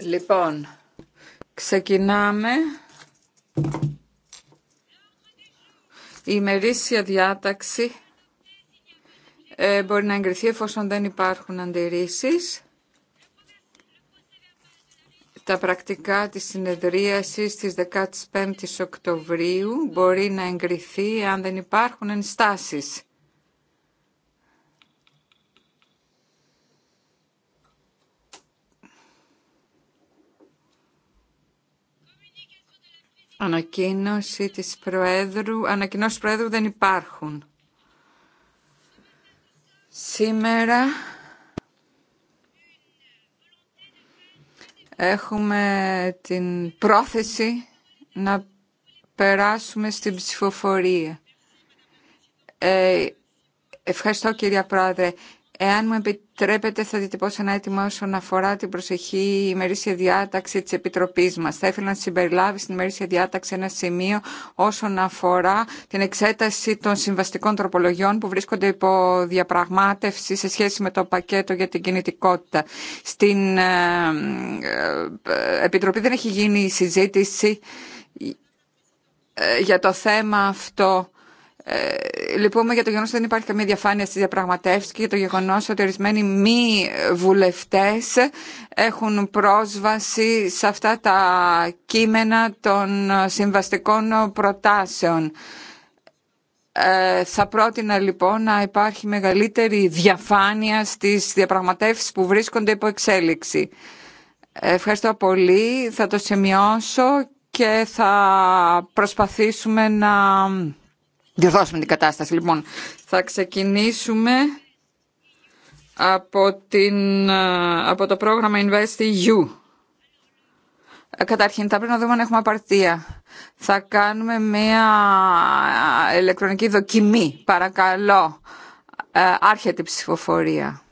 Λοιπόν, ξεκινάμε. Η ημερήσια διάταξη ε, μπορεί να εγκριθεί εφόσον δεν υπάρχουν αντιρρήσεις. Τα πρακτικά της συνεδρίασης της 15 η Οκτωβρίου μπορεί να εγκριθεί αν δεν υπάρχουν ενστάσεις. Ανακοίνωση της Προέδρου. Ανακοινώσεις Προέδρου δεν υπάρχουν. Σήμερα έχουμε την πρόθεση να περάσουμε στην ψηφοφορία. Ε, ευχαριστώ κυρία Πρόεδρε. Εάν μου επιτρέπετε θα διατυπώσω ένα αίτημα όσον αφορά την προσεχή ημερήσια διάταξη τη Επιτροπής μας. Θα ήθελα να συμπεριλάβει στην ημερήσια διάταξη ένα σημείο όσον αφορά την εξέταση των συμβαστικών τροπολογιών που βρίσκονται υπό διαπραγμάτευση σε σχέση με το πακέτο για την κινητικότητα. Στην ε, ε, Επιτροπή δεν έχει γίνει συζήτηση ε, για το θέμα αυτό ε, λυπούμε για το γεγονός ότι δεν υπάρχει καμία διαφάνεια στις διαπραγματεύσεις και για το γεγονός ότι ορισμένοι μη βουλευτές έχουν πρόσβαση σε αυτά τα κείμενα των συμβαστικών προτάσεων. Ε, θα πρότεινα λοιπόν να υπάρχει μεγαλύτερη διαφάνεια στις διαπραγματεύσεις που βρίσκονται υπό εξέλιξη. Ε, ευχαριστώ πολύ, θα το σημειώσω και θα προσπαθήσουμε να διορθώσουμε την κατάσταση. Λοιπόν, θα ξεκινήσουμε από, την, ε, από το πρόγραμμα InvestEU. Ε, καταρχήν, θα πρέπει να δούμε αν έχουμε απαρτία. Θα κάνουμε μία ε, ηλεκτρονική δοκιμή. Παρακαλώ, άρχεται η ψηφοφορία.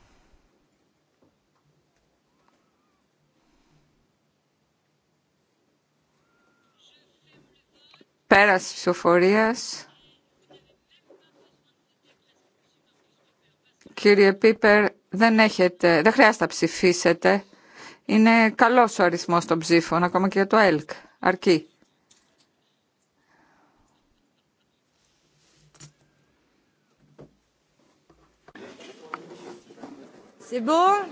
Πέρας ψηφοφορίας. Κύριε Πίπερ, δεν, χρειάζεται να ψηφίσετε. Είναι καλός ο αριθμός των ψήφων, ακόμα και για το ΕΛΚ. Αρκεί.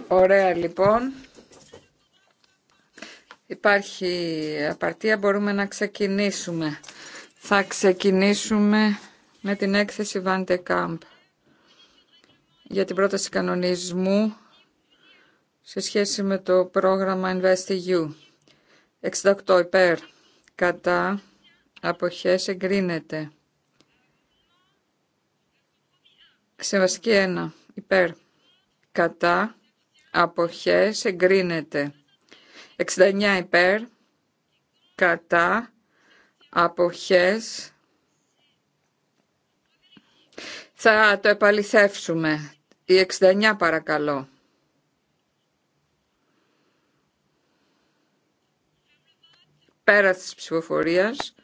Ωραία λοιπόν. Υπάρχει απαρτία, μπορούμε να ξεκινήσουμε. Θα ξεκινήσουμε με την έκθεση Βάντε για την πρόταση κανονισμού σε σχέση με το πρόγραμμα InvestEU. 68 υπέρ κατά αποχές εγκρίνεται. Σεβαστική 1 υπέρ κατά αποχές εγκρίνεται. 69 υπέρ κατά αποχές θα το επαληθεύσουμε. Η 69 παρακαλώ. Πέρα της ψηφοφορίας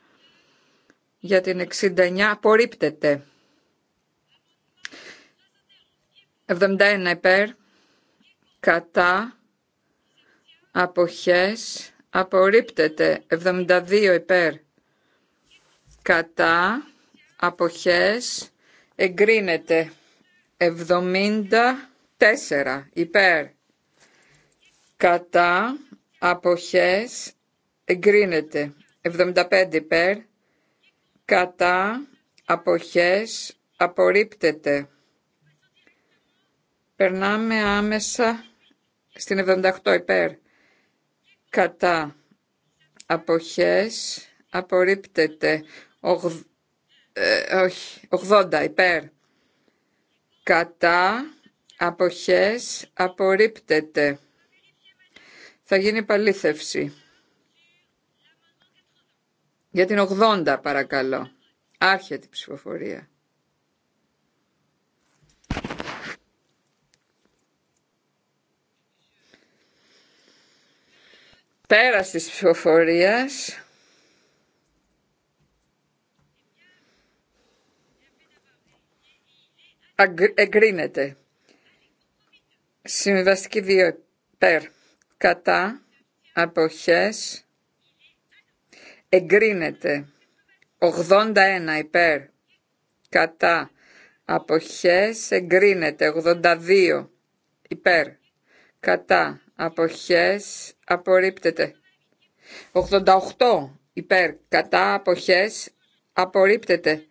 για την 69 απορρίπτεται. 71 υπέρ, κατά, αποχές, απορρίπτεται. 72 υπέρ, κατά, αποχές, εγκρίνεται. 74 υπέρ κατά αποχές εγκρίνεται 75 υπέρ κατά αποχές απορρίπτεται περνάμε άμεσα στην 78 υπέρ κατά αποχές απορρίπτεται Οχ, ε, όχι, 80 υπέρ κατά, αποχές, απορρίπτεται. Θα γίνει παλήθευση. Για την 80 παρακαλώ. Άρχεται η ψηφοφορία. Πέρας της ψηφοφορίας εγκρίνεται. Συμβαστική 2 υπέρ κατά αποχές εγκρίνεται. 81 υπέρ κατά αποχές εγκρίνεται. 82 υπέρ κατά αποχές απορρίπτεται. 88 υπέρ κατά αποχές απορρίπτεται.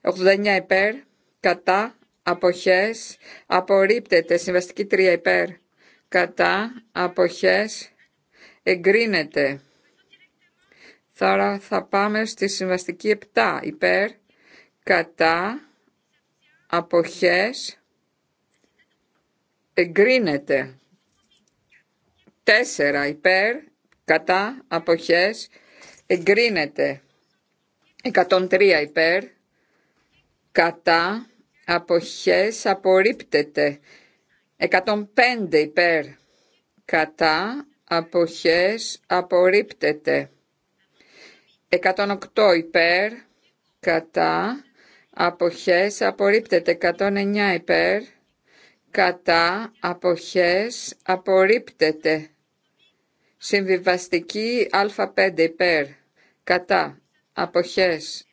89 υπέρ κατά αποχές απορρίπτεται. Συμβαστική 3 υπέρ κατά αποχές εγκρίνεται. Τώρα θα πάμε στη συμβαστική 7 υπέρ κατά αποχές εγκρίνεται. 4 υπέρ κατά αποχές εγκρίνεται. 103 υπέρ κατά αποχές απορρίπτεται 105 υπέρ κατά αποχές απορρίπτεται 108 υπέρ κατά αποχές απορρίπτεται 109 υπέρ κατά αποχές απορρίπτεται συμβιβαστική α5 υπέρ κατά αποχές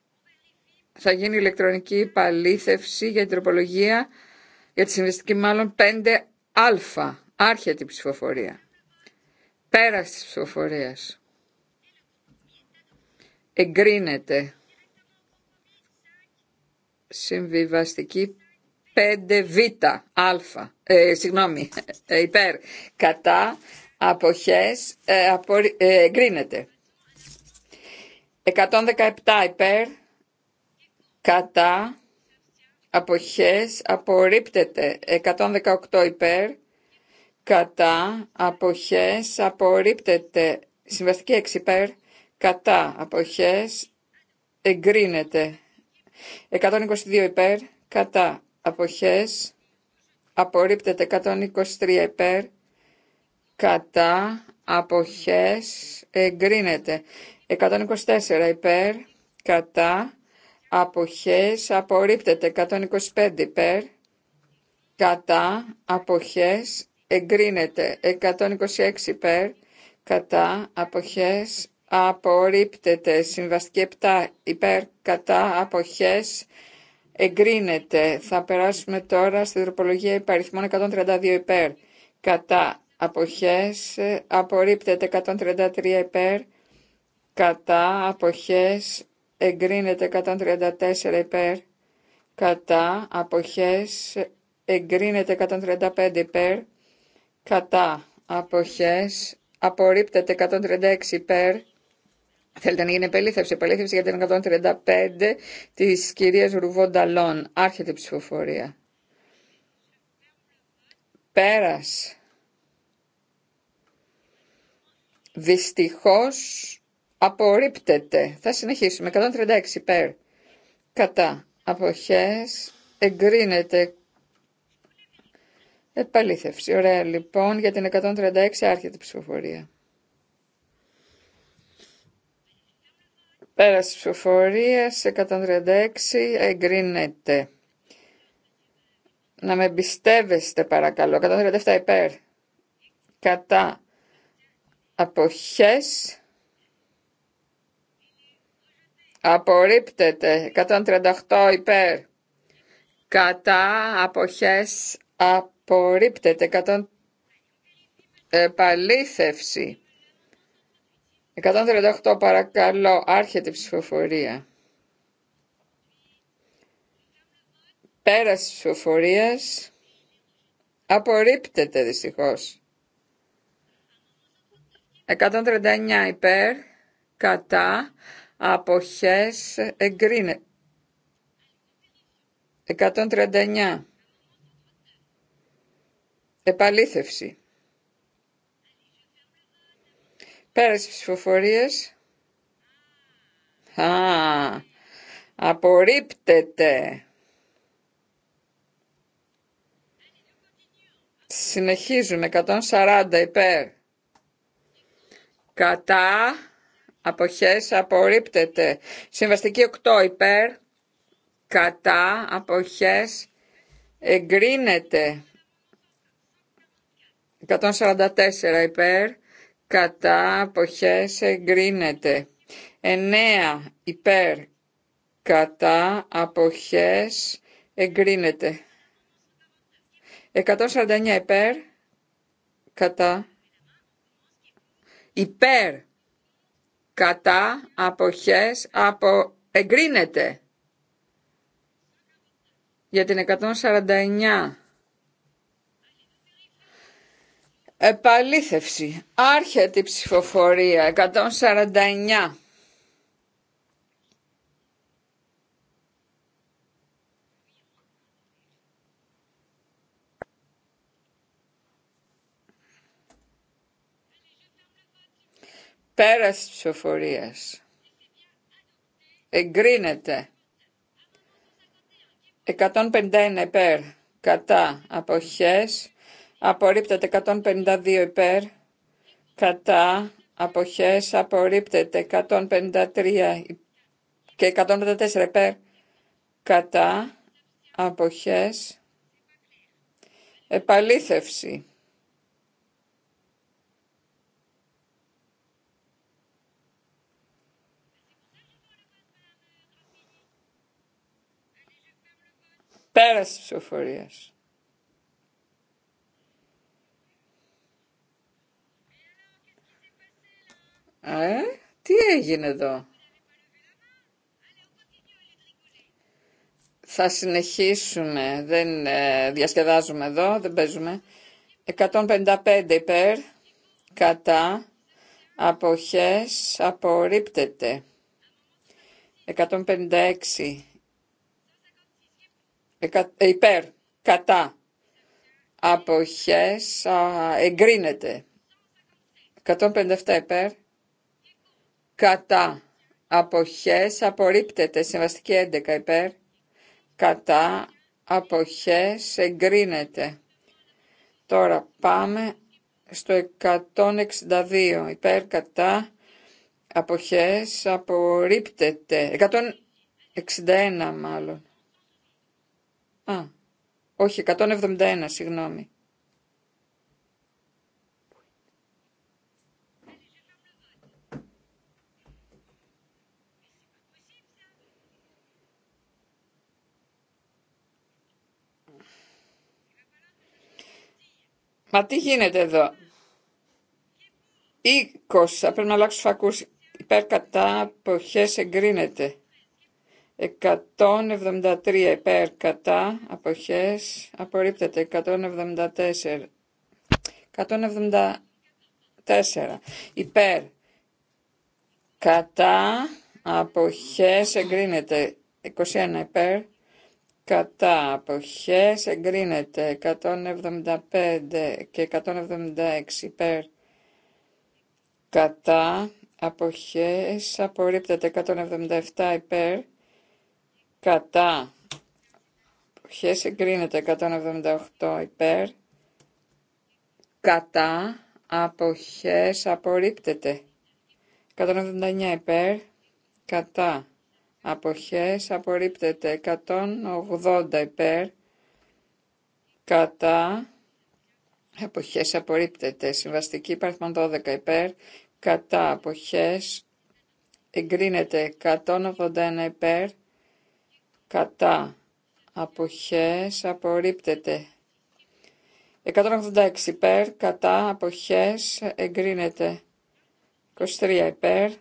θα γίνει ηλεκτρονική υπαλήθευση για την τροπολογία για τη συνδυστικη μαλλον μάλλον 5α. Άρχεται η ψηφοφορία. Πέρας της ψηφοφορίας. Εγκρίνεται. Συμβιβαστική 5β. Α. Ε, συγγνώμη. Ε, υπέρ. Κατά. Αποχές. Ε, απο, ε, εγκρίνεται. 117 υπέρ κατά αποχές απορρίπτεται 118 υπέρ κατά αποχές απορρίπτεται συμβαστική 6 υπέρ κατά αποχές εγκρίνεται 122 υπέρ κατά αποχές απορρίπτεται 123 υπέρ κατά αποχές εγκρίνεται 124 υπέρ κατά αποχές απορρίπτεται 125 υπέρ κατά αποχές εγκρίνεται 126 υπέρ κατά αποχές απορρίπτεται συμβαστική 7 υπέρ κατά αποχές εγκρίνεται θα περάσουμε τώρα στη τροπολογία υπαριθμών 132 υπέρ κατά αποχές απορρίπτεται 133 υπέρ κατά αποχές εγκρίνεται 134 υπέρ, κατά αποχές εγκρίνεται 135 υπέρ, κατά αποχές απορρίπτεται 136 υπέρ, Θέλετε να γίνει επελήθευση. Επελήθευση για την 135 της κυρίας Ρουβόνταλόν. Άρχεται η ψηφοφορία. Πέρας. Δυστυχώς Απορρίπτεται. Θα συνεχίσουμε. 136 υπέρ. Κατά. Αποχές. Εγκρίνεται. Επαλήθευση. Ωραία. Λοιπόν, για την 136 άρχεται η ψηφοφορία. Πέραση ψηφοφορίας. 136 εγκρίνεται. Να με εμπιστεύεστε παρακαλώ. 137 υπέρ. Κατά. Αποχές απορρίπτεται 138 υπέρ κατά αποχές απορρίπτεται 100 επαλήθευση 138 παρακαλώ άρχεται η ψηφοφορία πέρας της ψηφοφορίας απορρίπτεται δυστυχώς 139 υπέρ κατά αποχές εγκρίνεται. 139. Επαλήθευση. Πέρασε ψηφοφορίες. Α, απορρίπτεται. Συνεχίζουν. 140 υπέρ. Κατά αποχές απορρίπτεται. Συμβαστική 8 υπέρ, κατά, αποχές εγκρίνεται. 144 υπέρ, κατά, αποχές εγκρίνεται. 9 υπέρ, κατά, αποχές εγκρίνεται. 149 υπέρ, κατά, υπέρ, κατά, αποχές, απο... εγκρίνεται. Για την 149. Επαλήθευση. Άρχεται η ψηφοφορία. 149. Πέρας της ψηφοφορίας. Εγκρίνεται. 151 υπέρ. Κατά. Αποχές. Απορρίπτεται 152 υπέρ. Κατά. Αποχές. Απορρίπτεται 153 και 154 υπέρ. Κατά. Αποχές. Επαλήθευση. Πέρας της ψηφοφορίας. Ε, τι έγινε εδώ. Θα συνεχίσουμε, δεν ε, διασκεδάζουμε εδώ, δεν παίζουμε. 155 υπέρ, κατά, αποχές, απορρίπτεται. 156 ε, ε, υπέρ, κατά, αποχές, εγκρίνεται. 157 υπέρ, κατά, αποχές, απορρίπτεται. Συμβαστική 11 υπέρ, κατά, αποχές, εγκρίνεται. Τώρα πάμε στο 162 υπέρ, κατά, αποχές, απορρίπτεται. 161 μάλλον. Α, όχι, 171, συγγνώμη. Μα τι γίνεται εδώ. 20. Πρέπει να αλλάξω φακούς. Υπέρ κατά εγκρίνεται. 173 υπέρ κατά αποχές απορρίπτεται 174 174 υπέρ κατά αποχές εγκρίνεται 21 υπέρ κατά αποχές εγκρίνεται 175 και 176 υπέρ κατά αποχές απορρίπτεται 177 υπέρ κατά ποιες εγκρίνεται 178 υπέρ κατά αποχές απορρίπτεται 179 υπέρ κατά αποχές απορρίπτεται 180 υπέρ κατά αποχές απορρίπτεται συμβαστική υπαριθμών 12 υπέρ κατά αποχές εγκρίνεται 181 υπέρ κατά αποχές απορρίπτεται. 186 υπέρ κατά αποχές εγκρίνεται. 23 υπέρ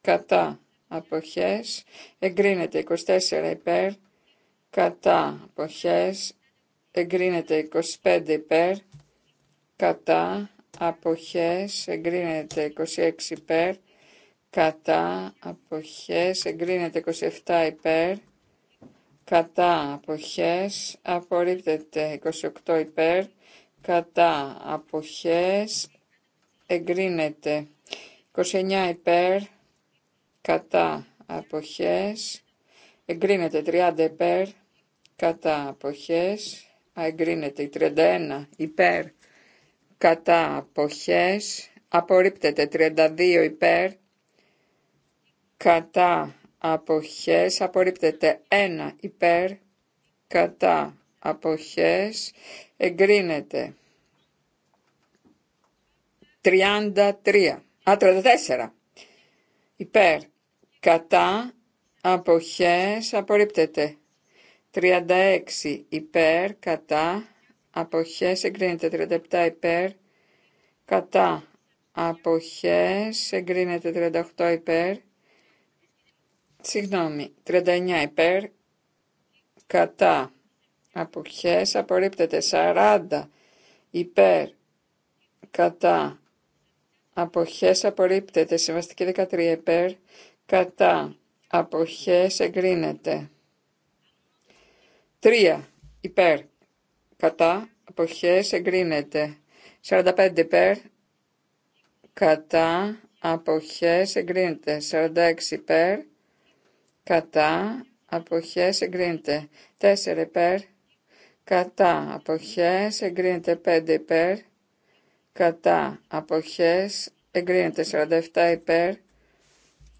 κατά αποχές εγκρίνεται. 24 υπέρ κατά αποχές εγκρίνεται. 25 υπέρ κατά αποχές εγκρίνεται. 26 υπέρ κατά αποχές εγκρίνεται. 27 υπέρ κατά αποχές απορρίπτεται 28 υπέρ κατά αποχές εγκρίνεται 29 υπέρ κατά αποχές εγκρίνεται 30 υπέρ κατά αποχές εγκρίνεται 31 υπέρ κατά αποχές απορρίπτεται 32 υπέρ κατά αποχές απορρίπτεται. 1 υπέρ κατά αποχές εγκρίνεται. 33. Α, 34. Υπέρ. Κατά. Αποχές. Απορρίπτεται. 36. Υπέρ. Κατά. Αποχές. Εγκρίνεται. 37. Υπέρ. Κατά. Αποχές. Εγκρίνεται. 38. Υπέρ. Συγγνώμη, 39 υπέρ, κατά, αποχές, απορρίπτεται. 40 υπέρ, κατά, αποχές, απορρίπτεται. Συμβαστική 13 υπέρ, κατά, αποχές, εγκρίνεται. 3 υπέρ, κατά, αποχές, εγκρίνεται. 45 υπέρ, κατά, αποχές, εγκρίνεται. 46 υπέρ, κατά αποχές εγκρίνεται 4 υπέρ κατά αποχές εγκρίνεται 5 υπέρ κατά αποχές εγκρίνεται 47 υπέρ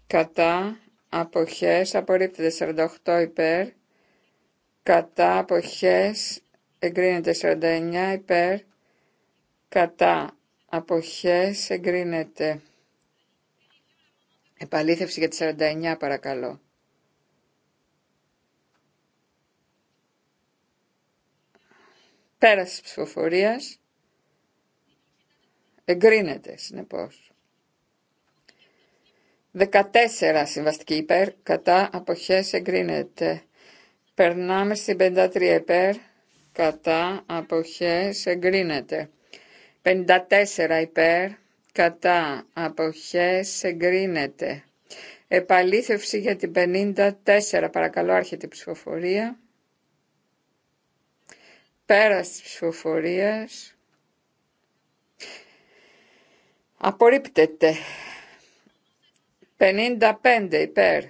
κατά αποχές απορρίπτεται 48 υπέρ κατά αποχές εγκρίνεται 49 υπέρ κατά αποχές εγκρίνεται επαλήθευση για τη 49 παρακαλώ Πέρας της ψηφοφορίας εγκρίνεται συνεπώς. 14 συμβαστική υπέρ, κατά αποχές εγκρίνεται. Περνάμε στην 53 υπέρ, κατά αποχές εγκρίνεται. 54 υπέρ, κατά αποχές εγκρίνεται. Επαλήθευση για την 54, παρακαλώ άρχεται η ψηφοφορία. Πέρας της ψηφοφορία. Απορρίπτεται. 55 υπέρ.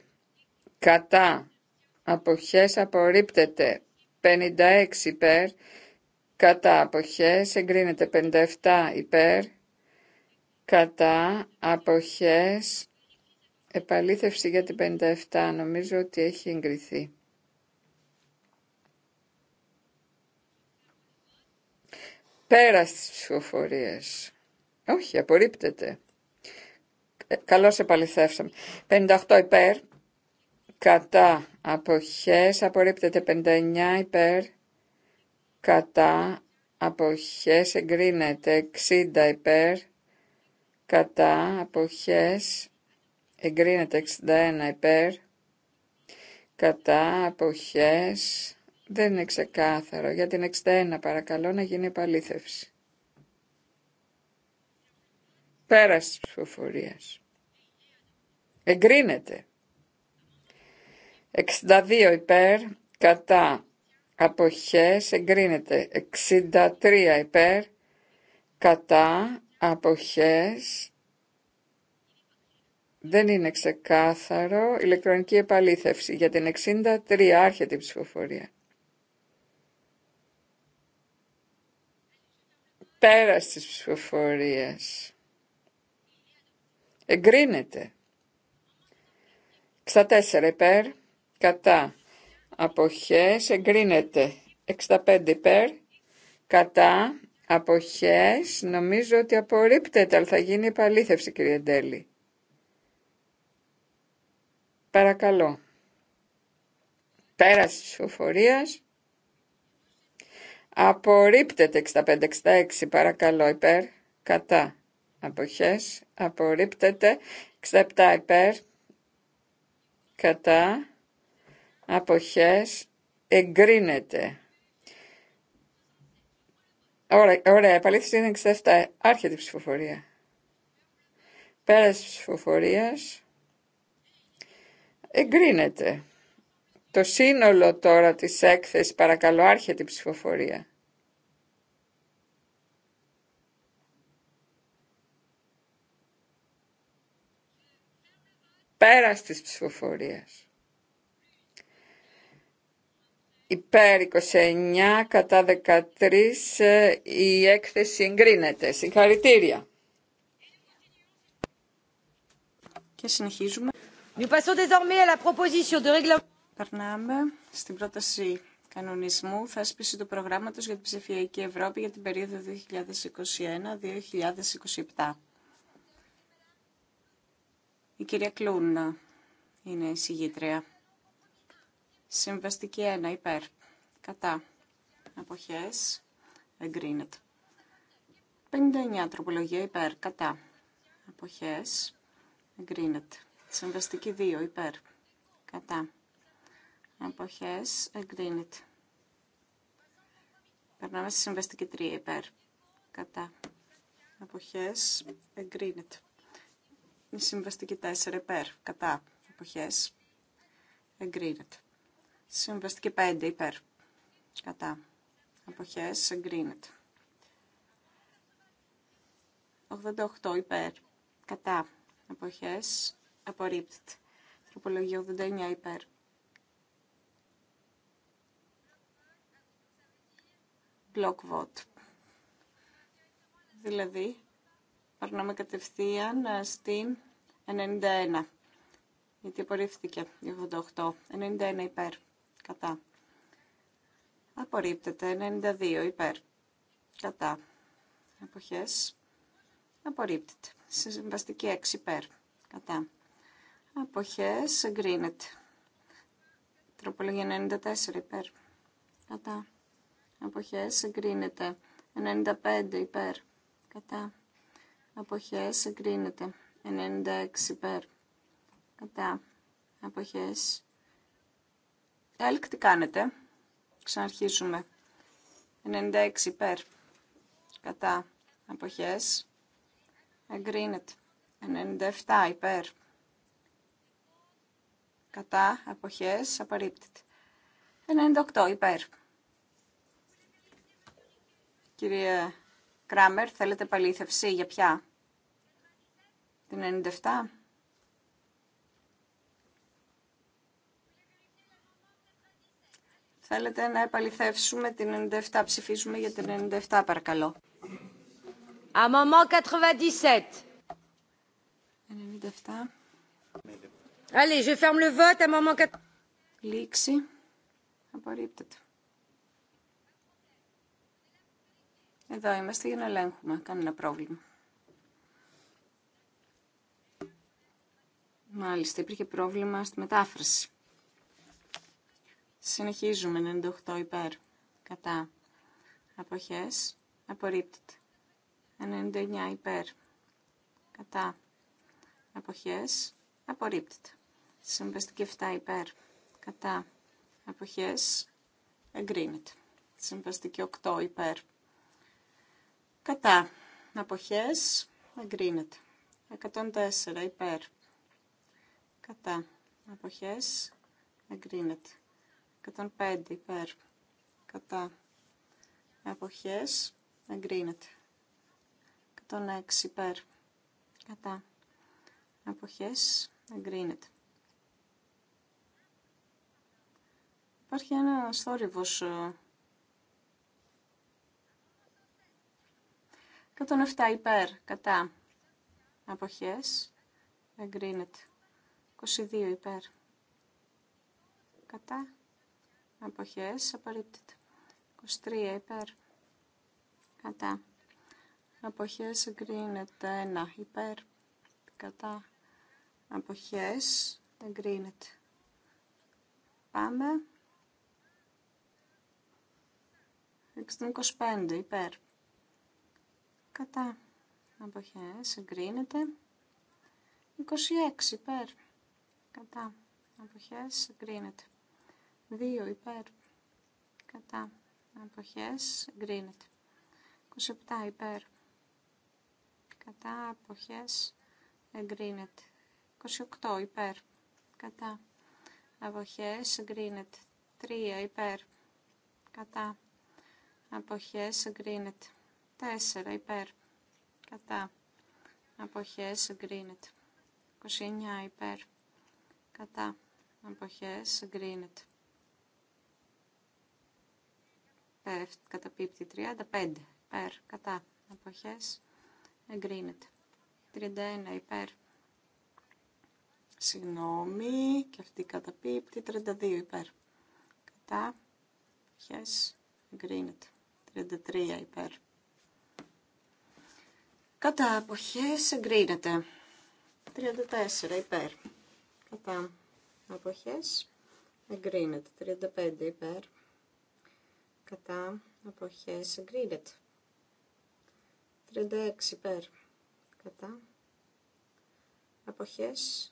Κατά. Αποχές απορρίπτεται. 56 υπέρ. Κατά αποχές εγκρίνεται 57 υπέρ. Κατά αποχές επαλήθευση για την 57. Νομίζω ότι έχει εγκριθεί. Πέρας της ψηφοφορίας. Όχι, απορρίπτεται. Καλώ ε, καλώς επαληθεύσαμε. 58 υπέρ. Κατά αποχές απορρίπτεται 59 υπέρ. Κατά αποχές εγκρίνεται 60 υπέρ. Κατά αποχές εγκρίνεται 61 υπέρ. Κατά αποχές δεν είναι ξεκάθαρο. Για την 61 παρακαλώ να γίνει επαλήθευση. Πέρας της ψηφοφορίας. Εγκρίνεται. 62 υπέρ, κατά αποχές, εγκρίνεται. 63 υπέρ, κατά αποχές, δεν είναι ξεκάθαρο. Ηλεκτρονική επαλήθευση για την 63 άρχεται η ψηφοφορία. πέρας της ψηφοφορίας. Εγκρίνεται. 64 υπέρ, κατά, αποχές, εγκρίνεται. 65 υπέρ, κατά, αποχές, νομίζω ότι απορρίπτεται, αλλά θα γίνει επαλήθευση κύριε Ντέλη. Παρακαλώ. Πέρας της ψηφοφορίας Απορρίπτεται 65-66 παρακαλώ υπέρ. Κατά. Αποχές. Απορρίπτεται 67 υπέρ. Κατά. Αποχές. Εγκρίνεται. Ωραία, ωραία επαλήθηση είναι 67. Άρχεται η ψηφοφορία. Πέρας ψηφοφορίας. Εγκρίνεται. Το σύνολο τώρα της έκθεσης παρακαλώ άρχεται η ψηφοφορία. Πέρας της ψηφοφορίας. Υπέρ 29 κατά 13 ε, η έκθεση εγκρίνεται. Συγχαρητήρια. Και συνεχίζουμε. Nous passons désormais à la proposition de règlement. Περνάμε στην πρόταση κανονισμού θέσπιση του προγράμματος για την ψηφιακή Ευρώπη για την περίοδο 2021-2027. Η κυρία Κλούνα είναι η συγγήτρια. Συμβαστική 1 υπέρ. Κατά. Αποχές. Εγκρίνεται. 59 τροπολογία υπέρ. Κατά. Αποχές. Εγκρίνεται. Συμβαστική 2 υπέρ. Κατά. Αποχές εγκρίνεται. Περνάμε στη συμβαστική 3 υπέρ. Κατά. Αποχές εγκρίνεται. Η συμβαστική 4 υπέρ. Κατά. Αποχές εγκρίνεται. Συμβαστική 5 υπέρ. Κατά. Αποχές εγκρίνεται. 88 υπέρ. Κατά. Αποχές απορρίπτεται. Τροπολογία 89 υπέρ. block vote. Δηλαδή, παρνάμε κατευθείαν ε, στην 91. Γιατί απορρίφθηκε η 88. 91 υπέρ. Κατά. Απορρίπτεται. 92 υπέρ. Κατά. Αποχές. Απορρίπτεται. Συμβαστική 6 υπέρ. Κατά. Αποχές. Εγκρίνεται. Τροπολογία 94 υπέρ. Κατά αποχές εγκρίνεται. 95 υπέρ κατά αποχές εγκρίνεται. 96 υπέρ κατά αποχές. Έλκ τι κάνετε. Ξαναρχίσουμε. 96 υπέρ κατά αποχές εγκρίνεται. 97 υπέρ κατά αποχές απορρίπτεται. 98 υπέρ Κύριε Κράμερ, θέλετε παλήθευση για ποια. Την 97. Θέλετε να επαληθεύσουμε την 97. Ψηφίζουμε για την 97, παρακαλώ. Αμαμό 97. 97. Allez, je ferme le vote, amendement 4. Λήξη. Απορρίπτεται. Εδώ είμαστε για να ελέγχουμε. Κανένα πρόβλημα. Μάλιστα, υπήρχε πρόβλημα στη μετάφραση. Συνεχίζουμε. 98 υπέρ. Κατά. Αποχές. Απορρίπτεται. 99 υπέρ. Κατά. Αποχές. Απορρίπτεται. Συμβαστική 7 υπέρ. Κατά. Αποχές. Εγκρίνεται. Συμβαστική 8 υπέρ Κατά. Αποχές. Εγκρίνεται. 104. Υπέρ. Κατά. Αποχές. Εγκρίνεται. 105. Υπέρ. Κατά. Αποχές. Εγκρίνεται. 106. Υπέρ. Κατά. Αποχές. Εγκρίνεται. Υπάρχει ένα θόρυβος ε, 107 υπέρ, κατά, αποχές, εγκρίνεται. 22 υπέρ, κατά, αποχές, απορρίπτεται. 23 υπέρ, κατά, αποχές, εγκρίνεται. 1 υπέρ, κατά, αποχές, εγκρίνεται. Πάμε. 625 υπέρ κατά αποχές εγκρίνεται 26 υπέρ κατά αποχές εγκρίνεται 2 υπέρ κατά αποχές εγκρίνεται 27 υπέρ κατά αποχές εγκρίνεται 28 υπέρ κατά αποχές εγκρίνεται 3 υπέρ κατά αποχές εγκρίνεται 4 υπέρ κατά αποχές εγκρίνεται. 29 υπέρ κατά αποχές εγκρίνεται. Καταπίπτει 35 υπέρ κατά αποχές εγκρίνεται. 31 υπέρ. Συγγνώμη, και αυτή καταπίπτει 32 υπέρ. Κατά, Αποχές εγκρίνεται. 33 υπέρ. Κατά αποχές εγκρίνεται. 34 υπέρ. Κατά αποχές εγκρίνεται. 35 υπέρ. Κατά αποχές εγκρίνεται. 36 υπέρ. Κατά αποχές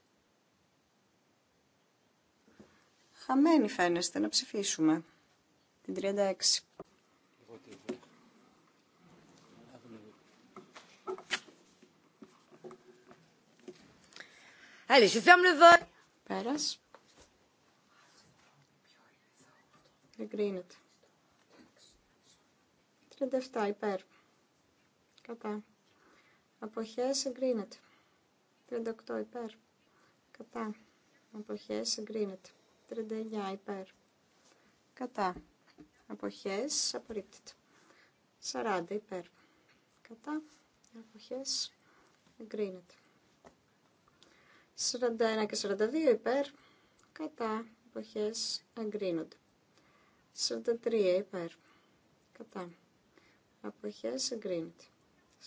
χαμένη φαίνεστε να ψηφίσουμε. Την 36. Allez, je Πέρας. Εγκρίνεται. 37 υπέρ. Κατά. Αποχές εγκρίνεται. 38 υπέρ. Κατά. Αποχές εγκρίνεται. 39 υπέρ. Κατά. Αποχές απορρίπτεται. 40 υπέρ. Κατά. Αποχές εγκρίνεται. 41 και 42 υπέρ, κατά, εποχές εγκρίνονται. 43 υπέρ, κατά, εποχές εγκρίνεται.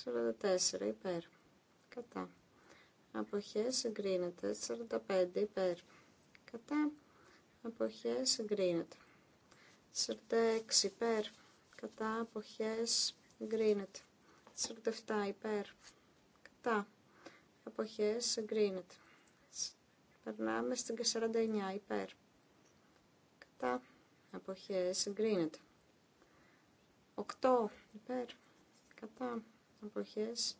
44 υπέρ, κατά, εποχές εγκρίνεται. 45 υπέρ, κατά, εποχές εγκρίνεται. 46 υπέρ, κατά, εποχές εγκρίνεται. 47 υπέρ, κατά, εποχές εγκρίνεται. Περνάμε στην 49 υπέρ. Κατά αποχές εγκρίνεται. 8 υπέρ. Κατά αποχές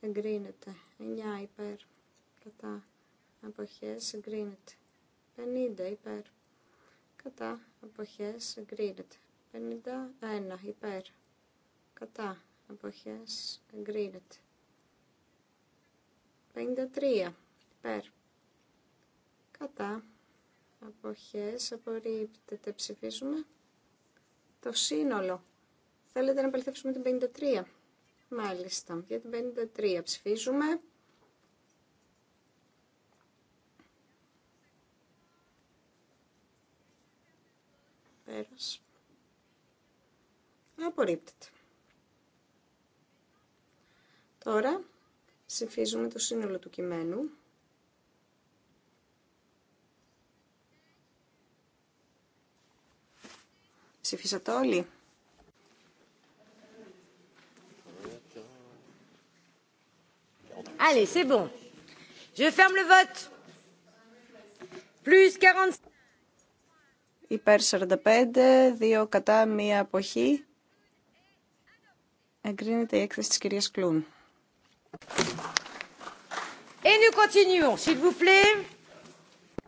εγκρίνεται. 9 υπέρ. Κατά αποχές εγκρίνεται. 50 υπέρ. Κατά αποχές εγκρίνεται. 51 υπέρ. Κατά αποχές εγκρίνεται. 53 υπέρ κατά αποχές απορρίπτεται. Ψηφίζουμε το σύνολο. Θέλετε να επαληθεύσουμε την 53. Μάλιστα, για την 53 ψηφίζουμε. Πέρας. Απορρίπτεται. Τώρα ψηφίζουμε το σύνολο του κειμένου. Ψηφίσατε όλοι. Allez, c'est bon. Je ferme le vote. Plus 40... Υπέρ 45, 2 κατά, μία αποχή. Εγκρίνεται η έκθεση της κυρίας Κλούν. Et nous continuons, s'il vous plaît.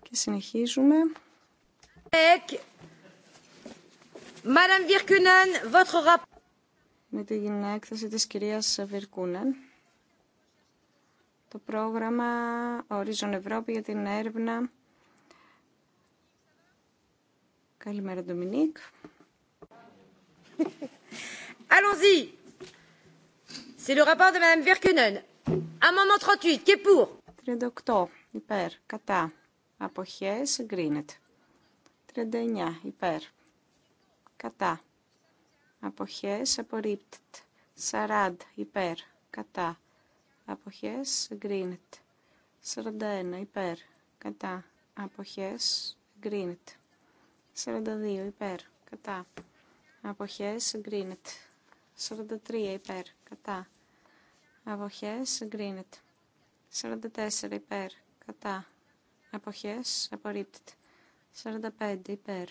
Και συνεχίζουμε. Avec Madame Virkunen, votre rapport με την έκθεση της κυρίας Βιρκούνεν. Το πρόγραμμα Ορίζον Ευρώπη για την έρευνα. Καλημέρα, Ντομινίκ. Allons-y. C'est le rapport de Madame Virkunen. Amendement 38, qui est pour? 38, υπέρ, κατά. Αποχές, Γκρίνεται. 39, υπέρ, κατά αποχές απορρίπτεται 40 υπέρ κατά αποχές εγκρίνεται 41 υπέρ κατά αποχές εγκρίνεται 42 υπέρ κατά αποχές εγκρίνεται 43 υπέρ κατά αποχές εγκρίνεται 44 υπέρ κατά αποχές απορρίπτεται 45 υπέρ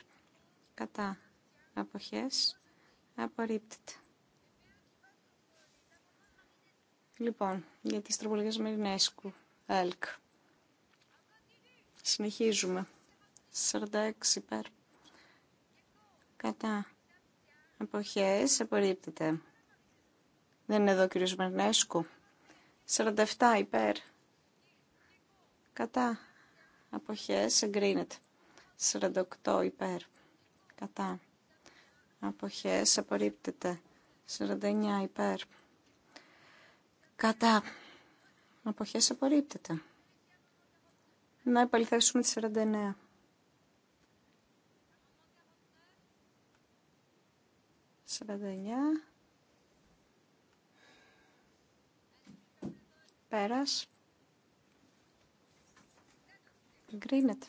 κατά αποχές απορρίπτεται. Λοιπόν, για τις τροπολογίες Μερινέσκου, ΕΛΚ. Συνεχίζουμε. 46 υπέρ. Κατά. Αποχές απορρίπτεται. Δεν είναι εδώ ο κύριος Μερινέσκου. 47 υπέρ. Κατά. Αποχές εγκρίνεται. 48 υπέρ. Κατά αποχές απορρίπτεται 49 υπέρ κατά αποχές απορρίπτεται να επαληθεύσουμε τη 49 49 πέρας Γκρίνεται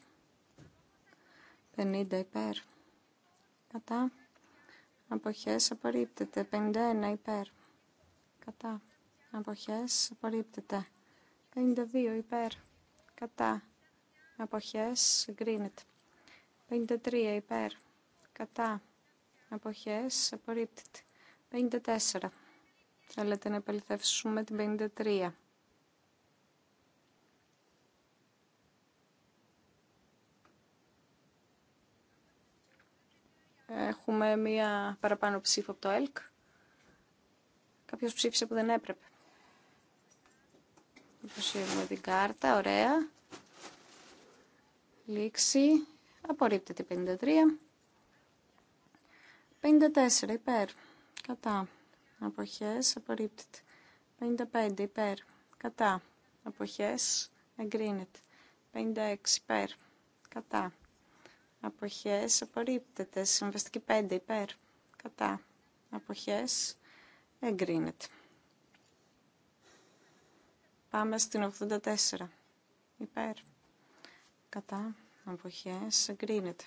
50 υπέρ κατά αποχές απορρίπτεται. 51 υπέρ. Κατά. Αποχές απορρίπτεται. 52 υπέρ. Κατά. Αποχές εγκρίνεται. 53 υπέρ. Κατά. Αποχές απορρίπτεται. 54. Θέλετε να επαληθεύσουμε την 53. Έχουμε μία παραπάνω ψήφο από το ΕΛΚ. Κάποιος ψήφισε που δεν έπρεπε. Υποσύρουμε την κάρτα, ωραία. Λήξη. Απορρίπτεται 53. 54 υπέρ. Κατά. Αποχές. Απορρίπτεται. 55 υπέρ. Κατά. Αποχές. Εγκρίνεται. 56 υπέρ. Κατά αποχές απορρίπτεται. Συμβαστική 5 υπέρ κατά αποχές εγκρίνεται. Πάμε στην 84 υπέρ κατά αποχές εγκρίνεται.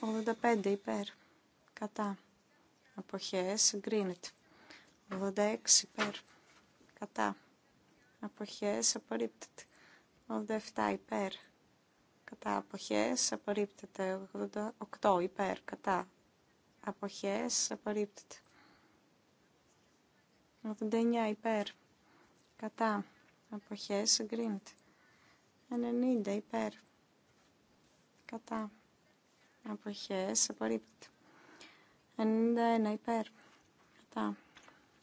85 υπέρ κατά αποχές εγκρίνεται. 86 υπέρ κατά αποχές απορρίπτεται. 87 υπέρ κατά αποχές απορρίπτεται 88 υπέρ κατά αποχές απορρίπτεται 89 υπέρ κατά αποχές εγκρίνεται 90 υπέρ κατά αποχές απορρίπτεται 91 υπέρ κατά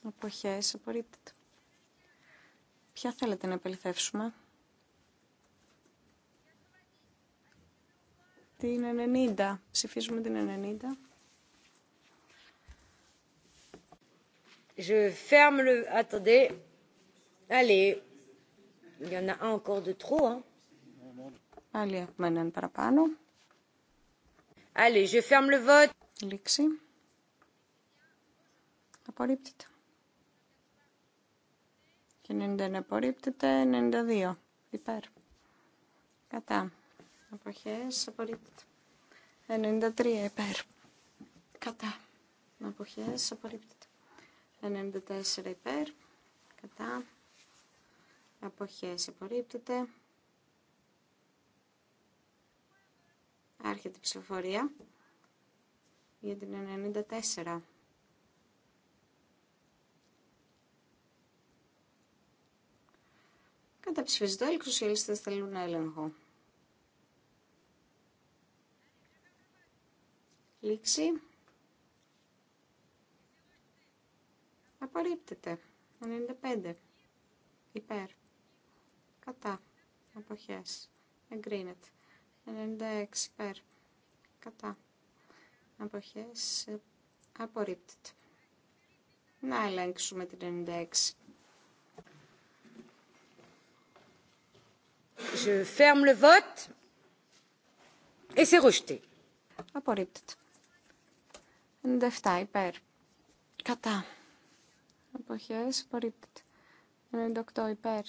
αποχές απορρίπτεται Ποια θέλετε να επελθεύσουμε. Την 90. Ψηφίζουμε την 90. Je ferme le... Allez. Il y en a un encore de trop. Hein. Άλλοι έχουμε έναν παραπάνω. Allez, je ferme le vote. Λήξη. Απορρίπτεται. Και 91 απορρίπτεται, 92. Υπέρ. Κατά αποχές απορρίπτω. 93 υπέρ. Κατά. Αποχές απορρίπτω. 94 υπέρ. Κατά. Αποχές Απορρίπτωται. Άρχεται η ψηφοφορία για την 94. το έλεγχο, οι σοσιαλιστές θέλουν έλεγχο. Λήξη. Απορρίπτεται. 95. Υπέρ. Κατά. Αποχές. Εγκρίνεται. 96. Υπέρ. Κατά. Αποχές. Απορρίπτεται. Να ελέγξουμε την 96. Je ferme le vote et c'est rejeté. Απορρίπτεται. 97 υπέρ. Κατά. Αποχές απορρίπτεται. 98 υπέρ.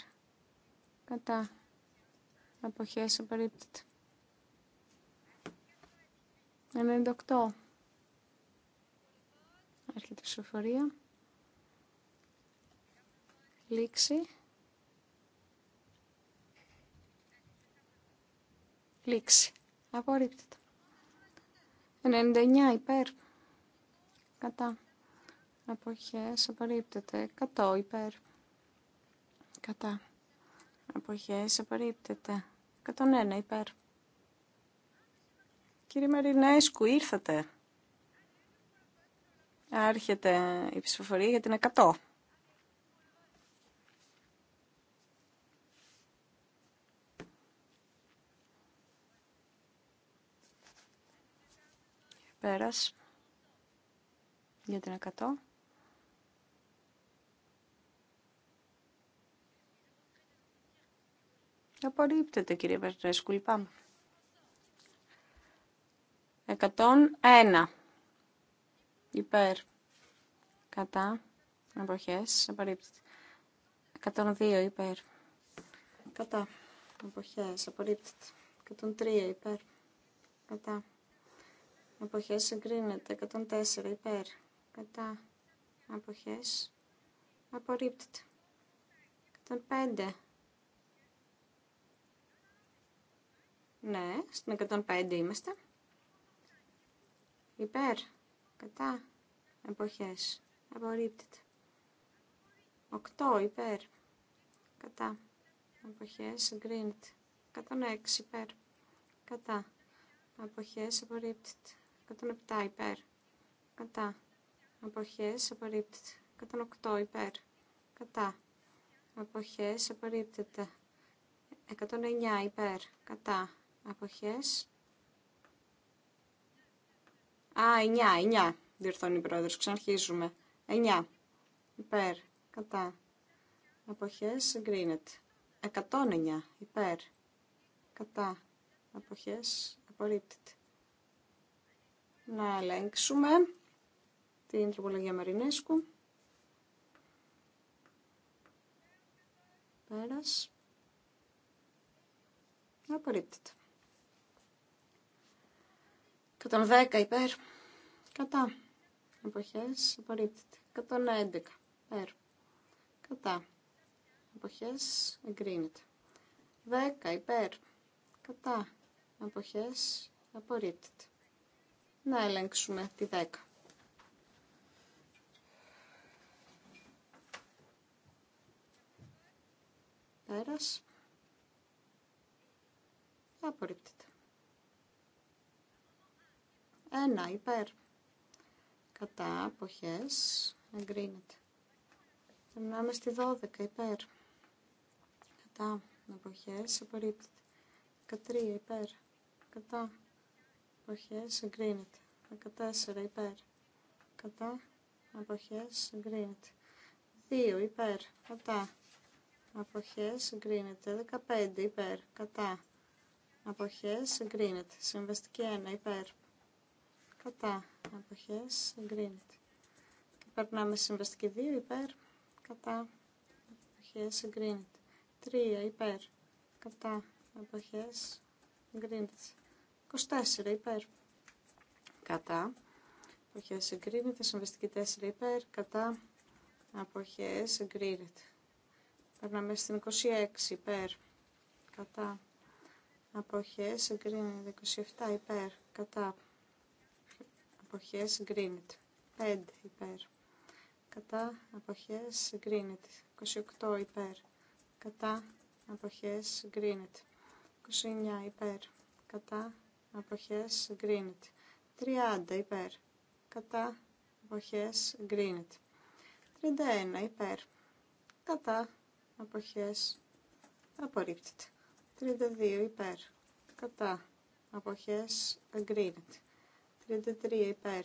Κατά. Αποχές απορρίπτεται. 98. Άρχεται η ψηφοφορία. Λήξη. Λήξη. Απορρίπτεται. 99 υπέρ κατά αποχές απορρίπτεται 100 υπέρ κατά αποχές απορρίπτεται 101 υπέρ Κύριε Μαρινέσκου ήρθατε Άρχεται η ψηφοφορία για την 100 Πέρας για την 100. Απορρίπτεται κύριε Βερτρέσκου, λυπάμαι. 101. Υπέρ. Κατά. Αποχές. Απορρίπτεται. 102. Υπέρ. Κατά. Αποχές. Απορρίπτεται. 103. Υπέρ. Κατά. Αποχές. συγκρίνεται. 104. Υπέρ κατά αποχές απορρίπτεται 105 ναι στην 105 είμαστε υπέρ κατά αποχές απορρίπτεται 8 υπέρ κατά αποχές εγκρίνεται 106 υπέρ κατά αποχές απορρίπτεται 107 υπέρ κατά αποχές απορρίπτεται. 108 υπέρ, κατά, αποχές απορρίπτεται. 109 υπέρ, κατά, αποχές. Α, 9, 9, διορθώνει η πρόεδρος, ξαναρχίζουμε. 9 υπέρ, κατά, αποχές εγκρίνεται. 109 υπέρ, κατά, αποχές απορρίπτεται. Να ελέγξουμε την τροπολογία Μαρινέσκου. Πέρας. Απορρίπτεται. 10 υπέρ. Κατά. Εποχές. Απορρίπτεται. 111 υπέρ. Κατά. Εποχές. Εγκρίνεται. 10 υπέρ. Κατά. Εποχές. Απορρίπτεται. Να ελέγξουμε τη 10. Και Απορρίπτεται. Ένα υπέρ. Κατά αποχές. Εγκρίνεται. Περνάμε στη 12 υπέρ. Κατά αποχές. Απορρίπτεται. 13 υπέρ. Κατά αποχές. Εγκρίνεται. 14 υπέρ. Κατά αποχές. Εγκρίνεται. 2 υπέρ. Κατά αποχές συγκρίνεται. 15 υπέρ κατά αποχές συγκρίνεται. συμβαστική 1 υπέρ κατά αποχές συγκρίνεται. και περνάμε συμβαστική 2 υπέρ κατά αποχές συγκρίνεται. 3 υπέρ κατά αποχές εγκρίνεται 24 υπέρ κατά αποχές συγκρίνεται. συμβαστική 4 υπέρ κατά αποχές συγκρίνεται. Περνάμε στην 26 υπέρ. Κατά. Αποχές εγκρίνεται. 27 υπέρ. Κατά. Αποχές εγκρίνεται. 5 υπέρ. Κατά. Αποχές εγκρίνεται. 28 υπέρ. Κατά. Αποχές εγκρίνεται. 29 υπέρ. Κατά. Αποχές εγκρίνεται. 30 υπέρ. Κατά. Αποχές εγκρίνεται. 31 υπέρ. Κατά αποχές απορρίπτεται. 32 υπέρ κατά αποχές εγκρίνεται. 33 υπέρ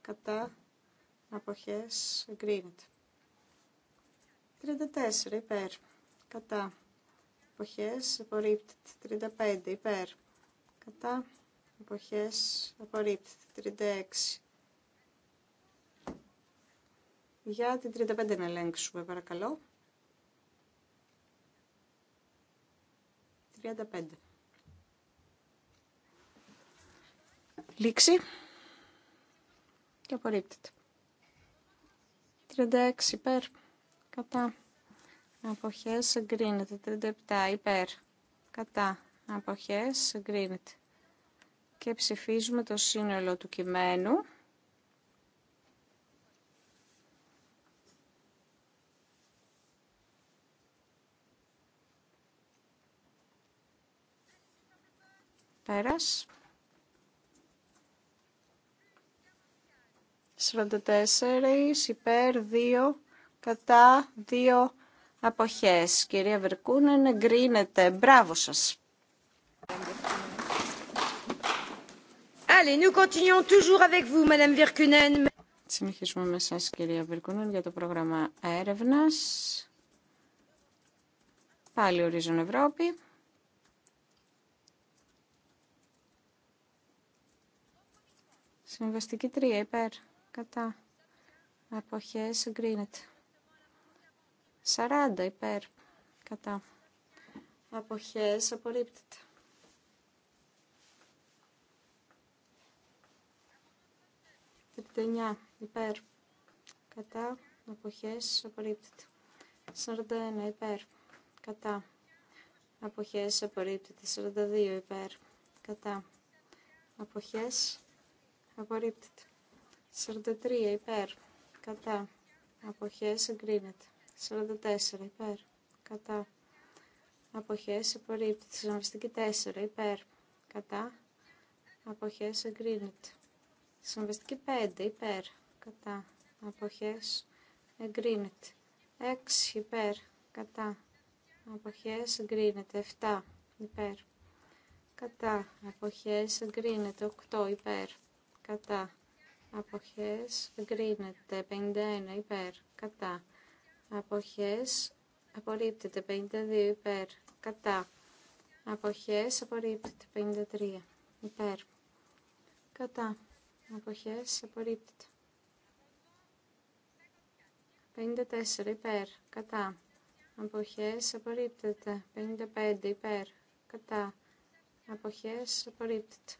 κατά αποχές εγκρίνεται. 34 υπέρ κατά αποχές απορρίπτεται. 35 υπέρ κατά αποχές απορρίπτεται. 36 για την 35 να ελέγξουμε παρακαλώ. 35. Λήξη. Και απορρίπτεται. 36 υπέρ. Κατά. Αποχές εγκρίνεται. 37 υπέρ. Κατά. Αποχές εγκρίνεται. Και ψηφίζουμε το σύνολο του κειμένου. Πέρας. 44 υπέρ 2 κατά 2 αποχές. Κυρία Βερκούνεν, εγκρίνεται. Μπράβο σας. Allez, nous continuons toujours avec vous, Madame Virkunen. Συνεχίζουμε με εσάς, κυρία Βερκούνεν, για το πρόγραμμα έρευνας. Πάλι ορίζουν Ευρώπη. Συμβαστική 3 υπέρ κατά αποχές εγκρίνεται. 40 υπέρ κατά αποχές απορρίπτεται. 39 υπέρ κατά αποχές απορρίπτεται. 41 υπέρ κατά αποχές απορρίπτεται. 42 υπέρ κατά αποχές απορρίπτεται. 43 υπέρ, κατά, αποχές εγκρίνεται. 44 υπέρ, κατά, αποχές απορρίπτεται. Συμβαστική 4 υπέρ, κατά, αποχές εγκρίνεται. Συμβαστική 5 υπέρ, κατά, αποχές εγκρίνεται. 6 υπέρ, κατά, αποχές εγκρίνεται. 7 υπέρ, κατά, αποχές εγκρίνεται. 8 υπέρ, κατά, αποχές, εγκρίνεται, 51 υπέρ, κατά, αποχές, απορρίπτεται, 52 υπέρ, κατά, αποχές, απορρίπτεται, 53 υπέρ, κατά, αποχές, απορρίπτεται. 54 υπέρ, κατά, αποχές, απορρίπτεται, 55 υπέρ, κατά, αποχές, απορρίπτεται.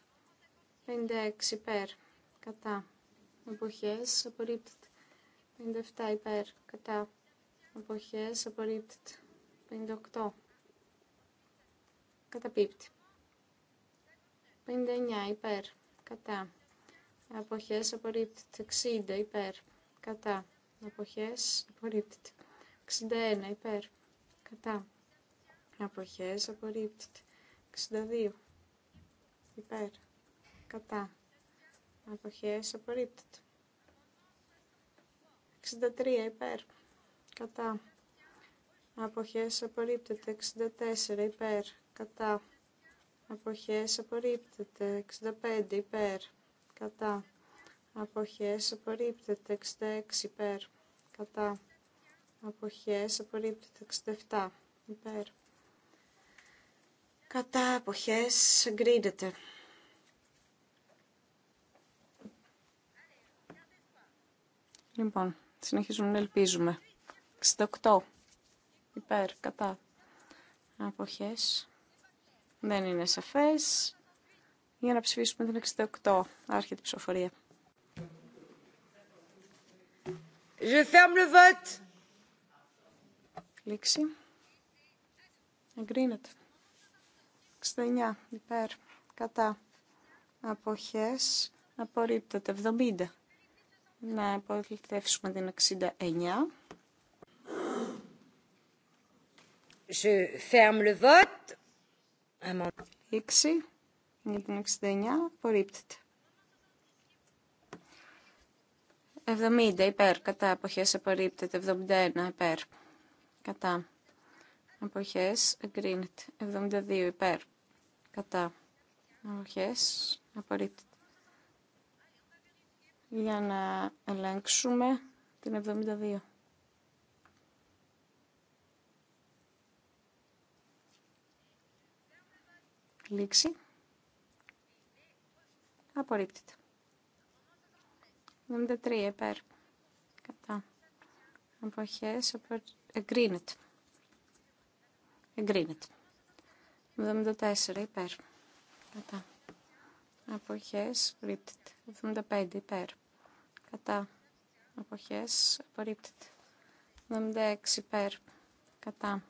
56 υπέρ κατά εποχές απορρίπτεται 57 υπέρ κατά εποχές απορρίπτεται 58 καταπίπτει 59 υπέρ κατά εποχές απορρίπτεται 60 υπέρ κατά εποχές απορρίπτεται 61 υπέρ κατά εποχές απορρίπτεται 62 υπέρ κατά αποχές απορρίπτεται 63 υπέρ κατά αποχές απορρίπτεται 64 υπέρ κατά αποχές απορρίπτεται 65 υπέρ κατά αποχές απορρίπτεται 66 υπέρ κατά αποχές απορρίπτεται 67 υπέρ κατά αποχές εγκρίνεται Λοιπόν, συνεχίζουμε να ελπίζουμε. 68. Υπέρ, κατά. Αποχές. Δεν είναι σαφές. Για να ψηφίσουμε την 68. Άρχεται η ψηφοφορία. Je ferme le vote. Λήξη. Εγκρίνεται. 69. Υπέρ. Κατά. Αποχές. Απορρίπτεται. 70 να επαληθεύσουμε την 69. Je 6 για την 69 απορρίπτεται. 70 υπέρ, κατά αποχές απορρίπτεται. 71 υπέρ, κατά αποχές εγκρίνεται. 72 υπέρ, κατά αποχές απορρίπτεται για να ελέγξουμε την 72. Λήξη. Απορρίπτεται. 73 υπέρ. Κατά. Αποχές. Εγκρίνεται. Εγκρίνεται. 74 υπέρ. Κατά. Αποχές απορρίπτεται. 75 υπέρ. Κατά. Αποχές απορρίπτεται. 76 υπέρ. Κατά.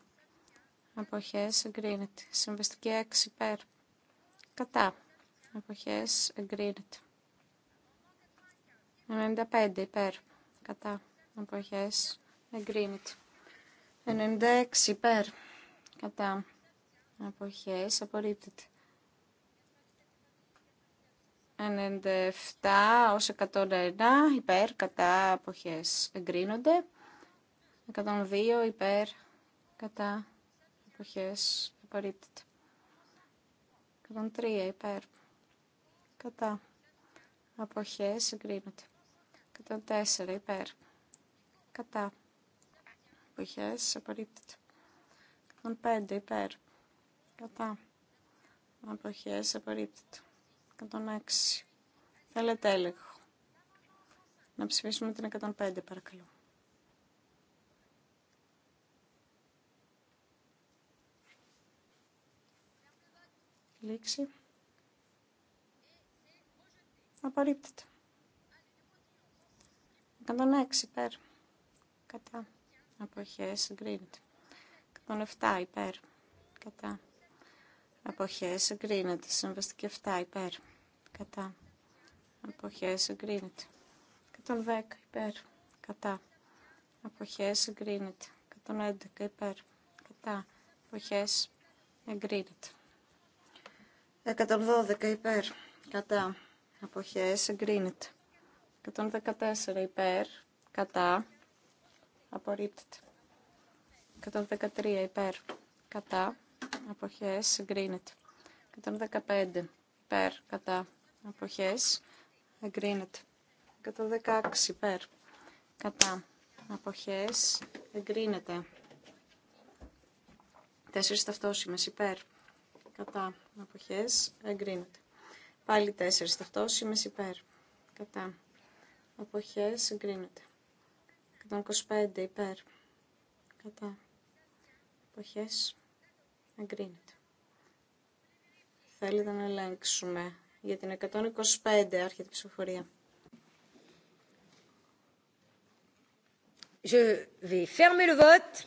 Αποχές εγκρίνεται. Συμβαστική 6 υπέρ. Κατά. Αποχές εγκρίνεται. 95 υπέρ. Κατά. Αποχές εγκρίνεται. 96 υπέρ. Κατά. Αποχές απορρίπτεται. 97 ως 101 υπέρ κατά αποχές εγκρίνονται. 102 υπέρ κατά αποχές απορρίπτεται. 103 υπέρ κατά αποχές εγκρίνονται. 104 υπέρ κατά αποχές απορρίπτεται. 105 υπέρ κατά αποχές απορρίπτεται. 106. Θέλετε έλεγχο. Να ψηφίσουμε την 105 παρακαλώ. Λήξη. Απορρίπτεται. 106 υπέρ. Κατά. Αποχές συγκρίνεται. 107 υπέρ. Κατά. Αποχές εγκρίνεται. Συμβαστική 7 υπέρ. Κατά. Αποχές εγκρίνεται. 110 υπέρ. Κατά. Αποχές εγκρίνεται. 111 υπέρ. Κατά. Αποχές εγκρίνεται. 112 υπέρ. Κατά. Αποχές εγκρίνεται. 114 υπέρ. Κατά. Απορρίπτεται. 113 υπέρ. Κατά αποχές εγκρίνεται. 115 υπέρ κατά αποχές εγκρίνεται. 116 υπέρ κατά αποχές εγκρίνεται. Τέσσερις ταυτόσημες υπέρ κατά αποχές εγκρίνεται. Πάλι τέσσερις ταυτόσημες υπέρ κατά αποχές εγκρίνεται. 125 υπέρ κατά αποχές Εγκρίνεται. Θέλετε να ελέγξουμε για την 125 άρχεται η ψηφοφορία. Je vais fermer le vote.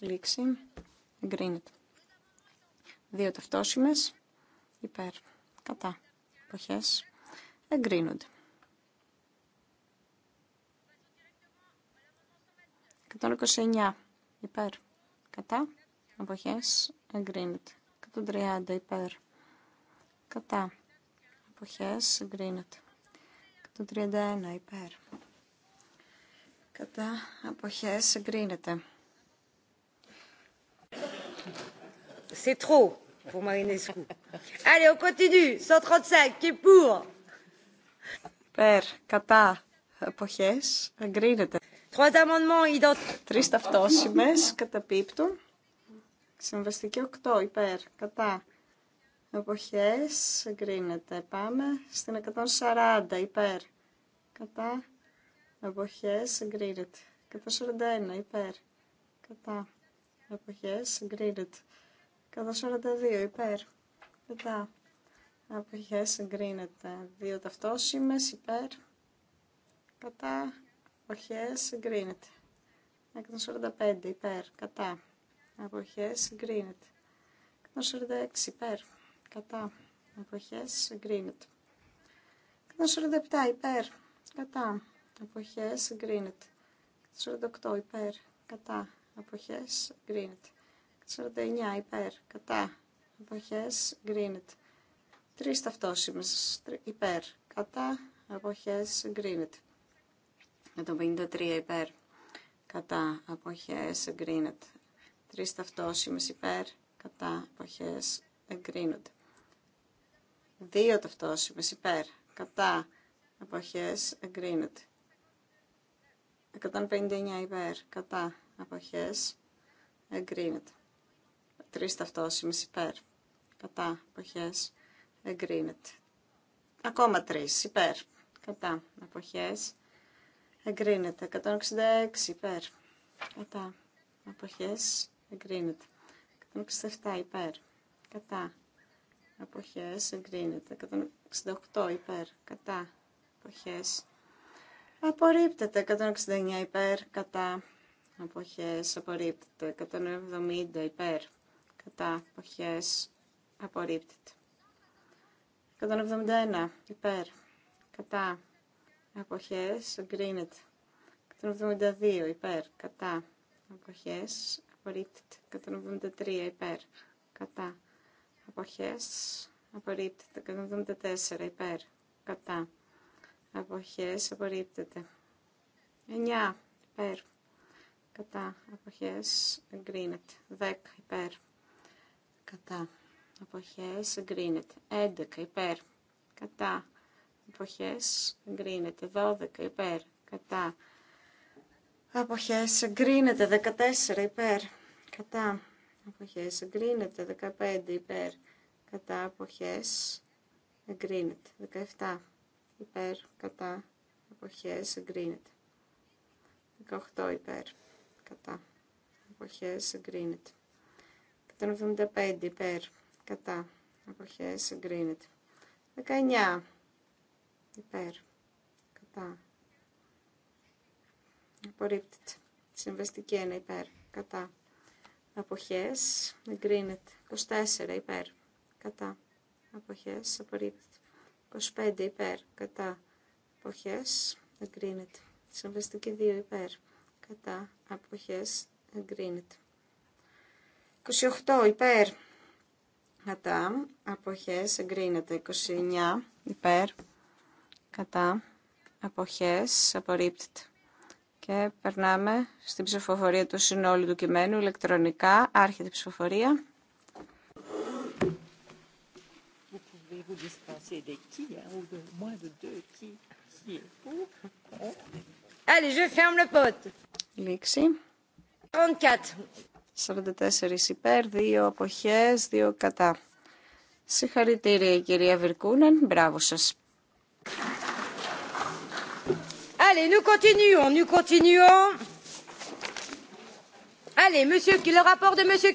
Λήξη. Εγκρίνεται. Δύο ταυτόσημες. Υπέρ. Κατά. Εποχές. Εγκρίνονται. 129. Υπέρ. Κατά. Αποχές εγκρίνεται. 130 υπέρ. Κατά. Αποχές εγκρίνεται. 131 υπέρ. Κατά. Αποχές εγκρίνεται. C'est trop pour Marinescu. Allez, on continue. 135, qui est pour κατά, εποχές, εγκρίνεται. Trois amendements Τρεις καταπίπτουν. Συμβαστική 8 υπέρ κατά εποχές εγκρίνεται. Πάμε στην 140 υπέρ κατά εποχές εγκρίνεται. 141 υπέρ κατά εποχές εγκρίνεται. 142 υπέρ κατά εποχές εγκρίνεται. Δύο ταυτόσημες υπέρ κατά εποχές εγκρίνεται. 145 υπέρ κατά αποχές εγκρίνεται. 146 υπέρ, κατά, αποχές εγκρίνεται. 147 υπέρ, κατά, αποχές εγκρίνεται. 48 υπέρ, κατά, αποχές εγκρίνεται. 49 υπέρ, κατά, αποχές γκρίνεται. Τρει ταυτόσημες υπέρ, κατά, αποχές εγκρίνεται. 153 υπέρ, κατά, αποχές εγκρίνεται. Τρεις ταυτόσημες υπέρ, κατά, εποχές, εγκρίνονται. Δύο ταυτόσημες υπέρ, κατά, εποχές, εγκρίνονται. 159 υπέρ, κατά, εποχές, εγκρίνεται. Τρεις ταυτόσημες υπέρ, κατά, εποχές, εγκρίνονται. Ακόμα τρεις υπέρ, κατά, εποχές, εγκρίνονται. 166 υπέρ, κατά, εποχές, εγκρίνεται. 167 υπέρ, κατά, αποχές, εγκρίνεται. 168 υπέρ, κατά, αποχές, απορρίπτεται. 169 υπέρ, κατά, αποχές, απορρίπτεται. 170 υπέρ, κατά, αποχές, απορρίπτεται. 171 υπέρ, κατά, αποχές, εγκρίνεται. 172 υπέρ, κατά, αποχές, απορρίπτεται 173 υπέρ κατά αποχές απορρίπτεται 174 υπέρ κατά αποχές απορρίπτεται 9 υπέρ κατά αποχές εγκρίνεται 10 υπέρ κατά αποχές εγκρίνεται 11 υπέρ κατά αποχές εγκρίνεται 12 υπέρ κατά Αποχές εγκρίνεται 14 υπέρ. Κατά. Αποχές εγκρίνεται 15 υπέρ. Κατά. Αποχές εγκρίνεται 17 υπέρ. Κατά. Αποχές εγκρίνεται 18 υπέρ. Κατά. Αποχές εγκρίνεται 175 υπέρ. Κατά. Αποχές εγκρίνεται 19 υπέρ. Κατά Απορρίπτεται. Συμβαστική 1 υπέρ. Κατά. Αποχές. Εγκρίνεται. 24 υπέρ. Κατά. Αποχές. Απορρίπτεται. 25 υπέρ. Κατά. Αποχές. Εγκρίνεται. Συμβαστική 2 υπέρ. Κατά. Αποχές. Εγκρίνεται. 28 υπέρ. Κατά. Αποχές. Εγκρίνεται. 29 υπέρ. Κατά. Αποχές. Απορρίπτεται. Και περνάμε στην ψηφοφορία του συνόλου του κειμένου ηλεκτρονικά. Άρχεται η ψηφοφορία. Allez, je ferme le pot. Λήξη. 44. 44 υπέρ, 2 αποχές, 2 κατά. Συγχαρητήρια κυρία Βυρκούνεν, μπράβο σας. Allez, nous continuons, nous continuons. Allez, monsieur, le rapport de monsieur...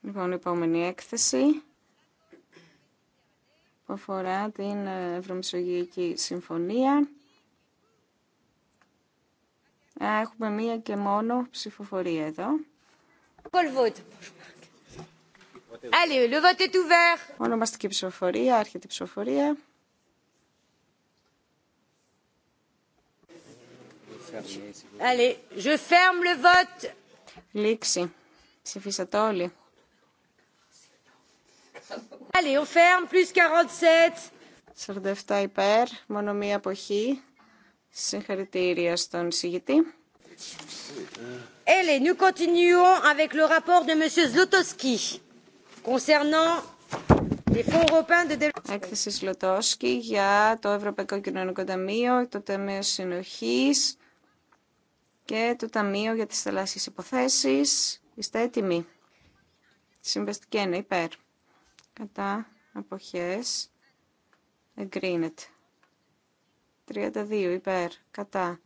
Λοιπόν, η επόμενη έκθεση που αφορά την ε, Ευρωμεσογειακή Συμφωνία. Α, Έχουμε μία και μόνο ψηφοφορία εδώ. Ονομαστική ψηφοφορία, άρχεται η ψηφοφορία. Allez, je Λήξη. Ψηφίσατε όλοι. 47. 47 υπέρ, μόνο μία αποχή. Συγχαρητήρια στον συγητή. nous continuons avec le rapport de Monsieur Zlotowski concernant les fonds européens de développement. Έκθεση Zlotowski για το Ευρωπαϊκό Κοινωνικό Ταμείο, το Ταμείο Συνοχής και το Ταμείο για τις Θαλάσσιες Υποθέσεις. Είστε έτοιμοι. Συμβαστική είναι υπέρ. Κατά αποχές εγκρίνεται. 32 υπέρ. Κατά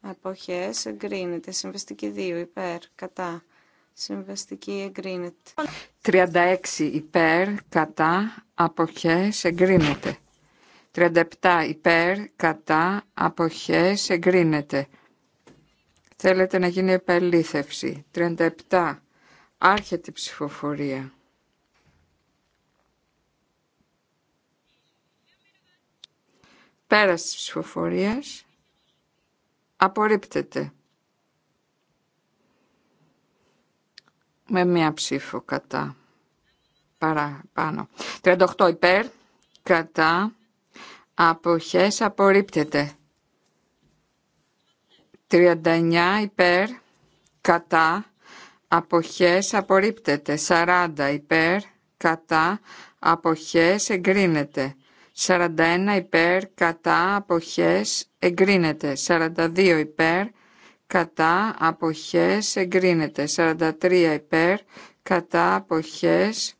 αποχές εγκρίνεται. Συμβαστική 2 υπέρ. Κατά συμβαστική εγκρίνεται. 36 υπέρ. Κατά αποχές εγκρίνεται. 37 υπέρ. Κατά αποχές εγκρίνεται. Θέλετε να γίνει επαλήθευση. 37. Άρχεται η ψηφοφορία. Πέρας της ψηφοφορίας απορρίπτεται. Με μία ψήφο κατά. Παρά, πάνω. 38 υπέρ, κατά, αποχές απορρίπτεται. 39 υπέρ, κατά, αποχές απορρίπτεται. 40 υπέρ, κατά, αποχές εγκρίνεται. 41 υπέρ, κατά, αποχές εγκρίνεται. 42 υπέρ, κατά, αποχές εγκρίνεται. 43 υπέρ, κατά, αποχές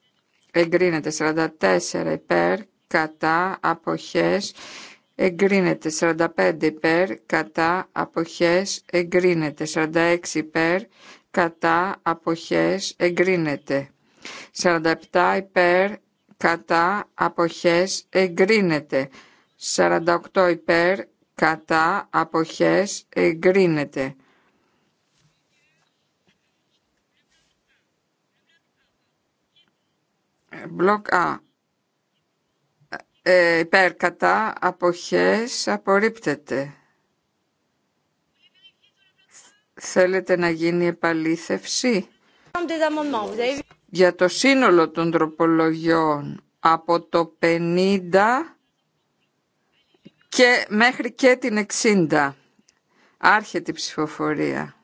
εγκρίνεται. 44 υπέρ, κατά, αποχές εγκρίνεται εγκρίνεται 45 υπέρ, κατά αποχές εγκρίνεται 46 υπέρ, κατά αποχές εγκρίνεται 47 υπέρ, κατά αποχές εγκρίνεται 48 υπέρ, κατά αποχές εγκρίνεται Μπλοκ Α ε, υπέρ αποχές απορρίπτεται. Θέλετε να γίνει επαλήθευση για το σύνολο των τροπολογιών από το 50 και μέχρι και την 60. Άρχεται η ψηφοφορία.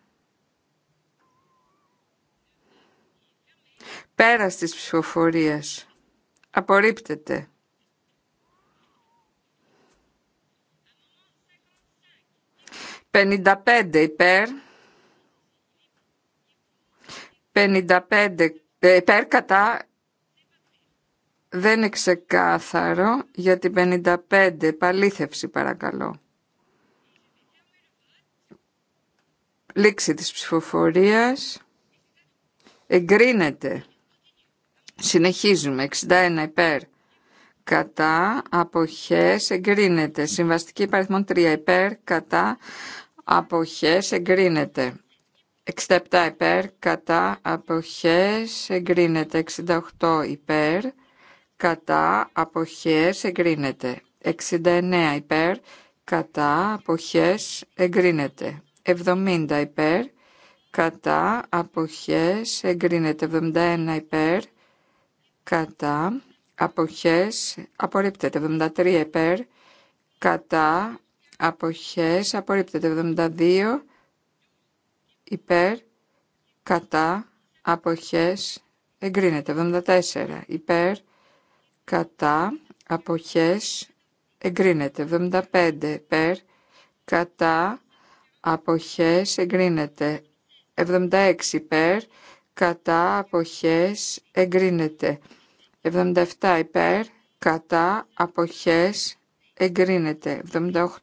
Πέρας της ψηφοφορίας. Απορρίπτεται. 55 υπέρ. 55 ε, υπέρ κατά δεν είναι ξεκάθαρο για την 55 παλήθευση παρακαλώ. Λήξη της ψηφοφορίας. Εγκρίνεται. Συνεχίζουμε. 61 υπέρ. Κατά. Αποχές. Εγκρίνεται. Συμβαστική υπαριθμόν 3 υπέρ. Κατά αποχές εγκρίνεται. 67 υπέρ κατά αποχές εγκρίνεται. 68 υπέρ κατά αποχές εγκρίνεται. 69 υπέρ κατά αποχές εγκρίνεται. 70 υπέρ κατά αποχές εγκρίνεται. 71 υπέρ κατά αποχές απορρίπτεται. 73 υπέρ κατά αποχές απορρίπτεται 72 υπέρ κατά αποχές εγκρίνεται 74 υπέρ κατά αποχές εγκρίνεται 75 υπέρ κατά αποχές εγκρίνεται 76 υπέρ κατά αποχές εγκρίνεται 77 υπέρ κατά αποχές εγκρίνεται.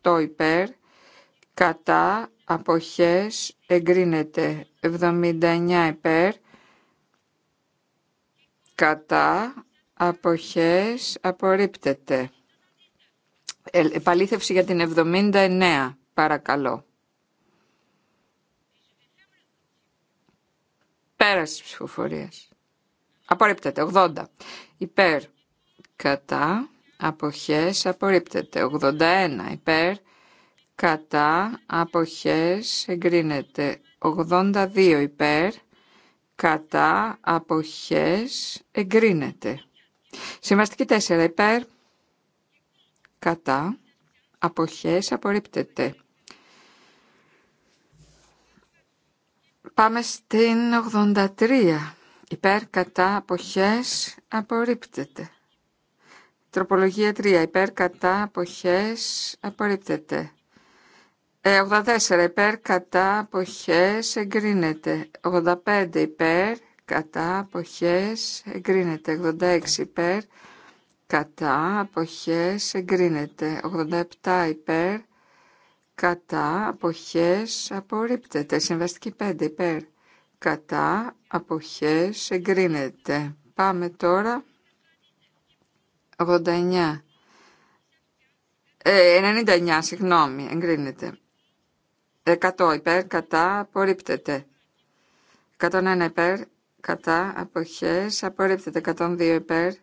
78 υπέρ, κατά, αποχές, εγκρίνεται. 79 υπέρ, κατά, αποχές, απορρίπτεται. Ε, επαλήθευση για την 79, παρακαλώ. Πέρας ψηφοφορίας. Απορρίπτεται. 80. Υπέρ. Κατά αποχές απορρίπτεται. 81 υπέρ κατά αποχές εγκρίνεται. 82 υπέρ κατά αποχές εγκρίνεται. Σημαστική 4 υπέρ κατά αποχές απορρίπτεται. Πάμε στην 83. Υπέρ κατά αποχές απορρίπτεται. Τροπολογία 3. Υπέρ κατά αποχές απορρίπτεται. 84. Ε, Υπέρ κατά αποχές εγκρίνεται. 85. Υπέρ κατά αποχές εγκρίνεται. 86. Υπέρ κατά αποχές εγκρίνεται. 87. Υπέρ κατά αποχές απορρίπτεται. Συμβαστική 5. Υπέρ κατά αποχές εγκρίνεται. Πάμε τώρα 89. Ε, 99, συγγνώμη, εγκρίνεται. 100 υπέρ, κατά, απορρίπτεται. 101 υπέρ, κατά, αποχές, απορρίπτεται. 102 υπέρ,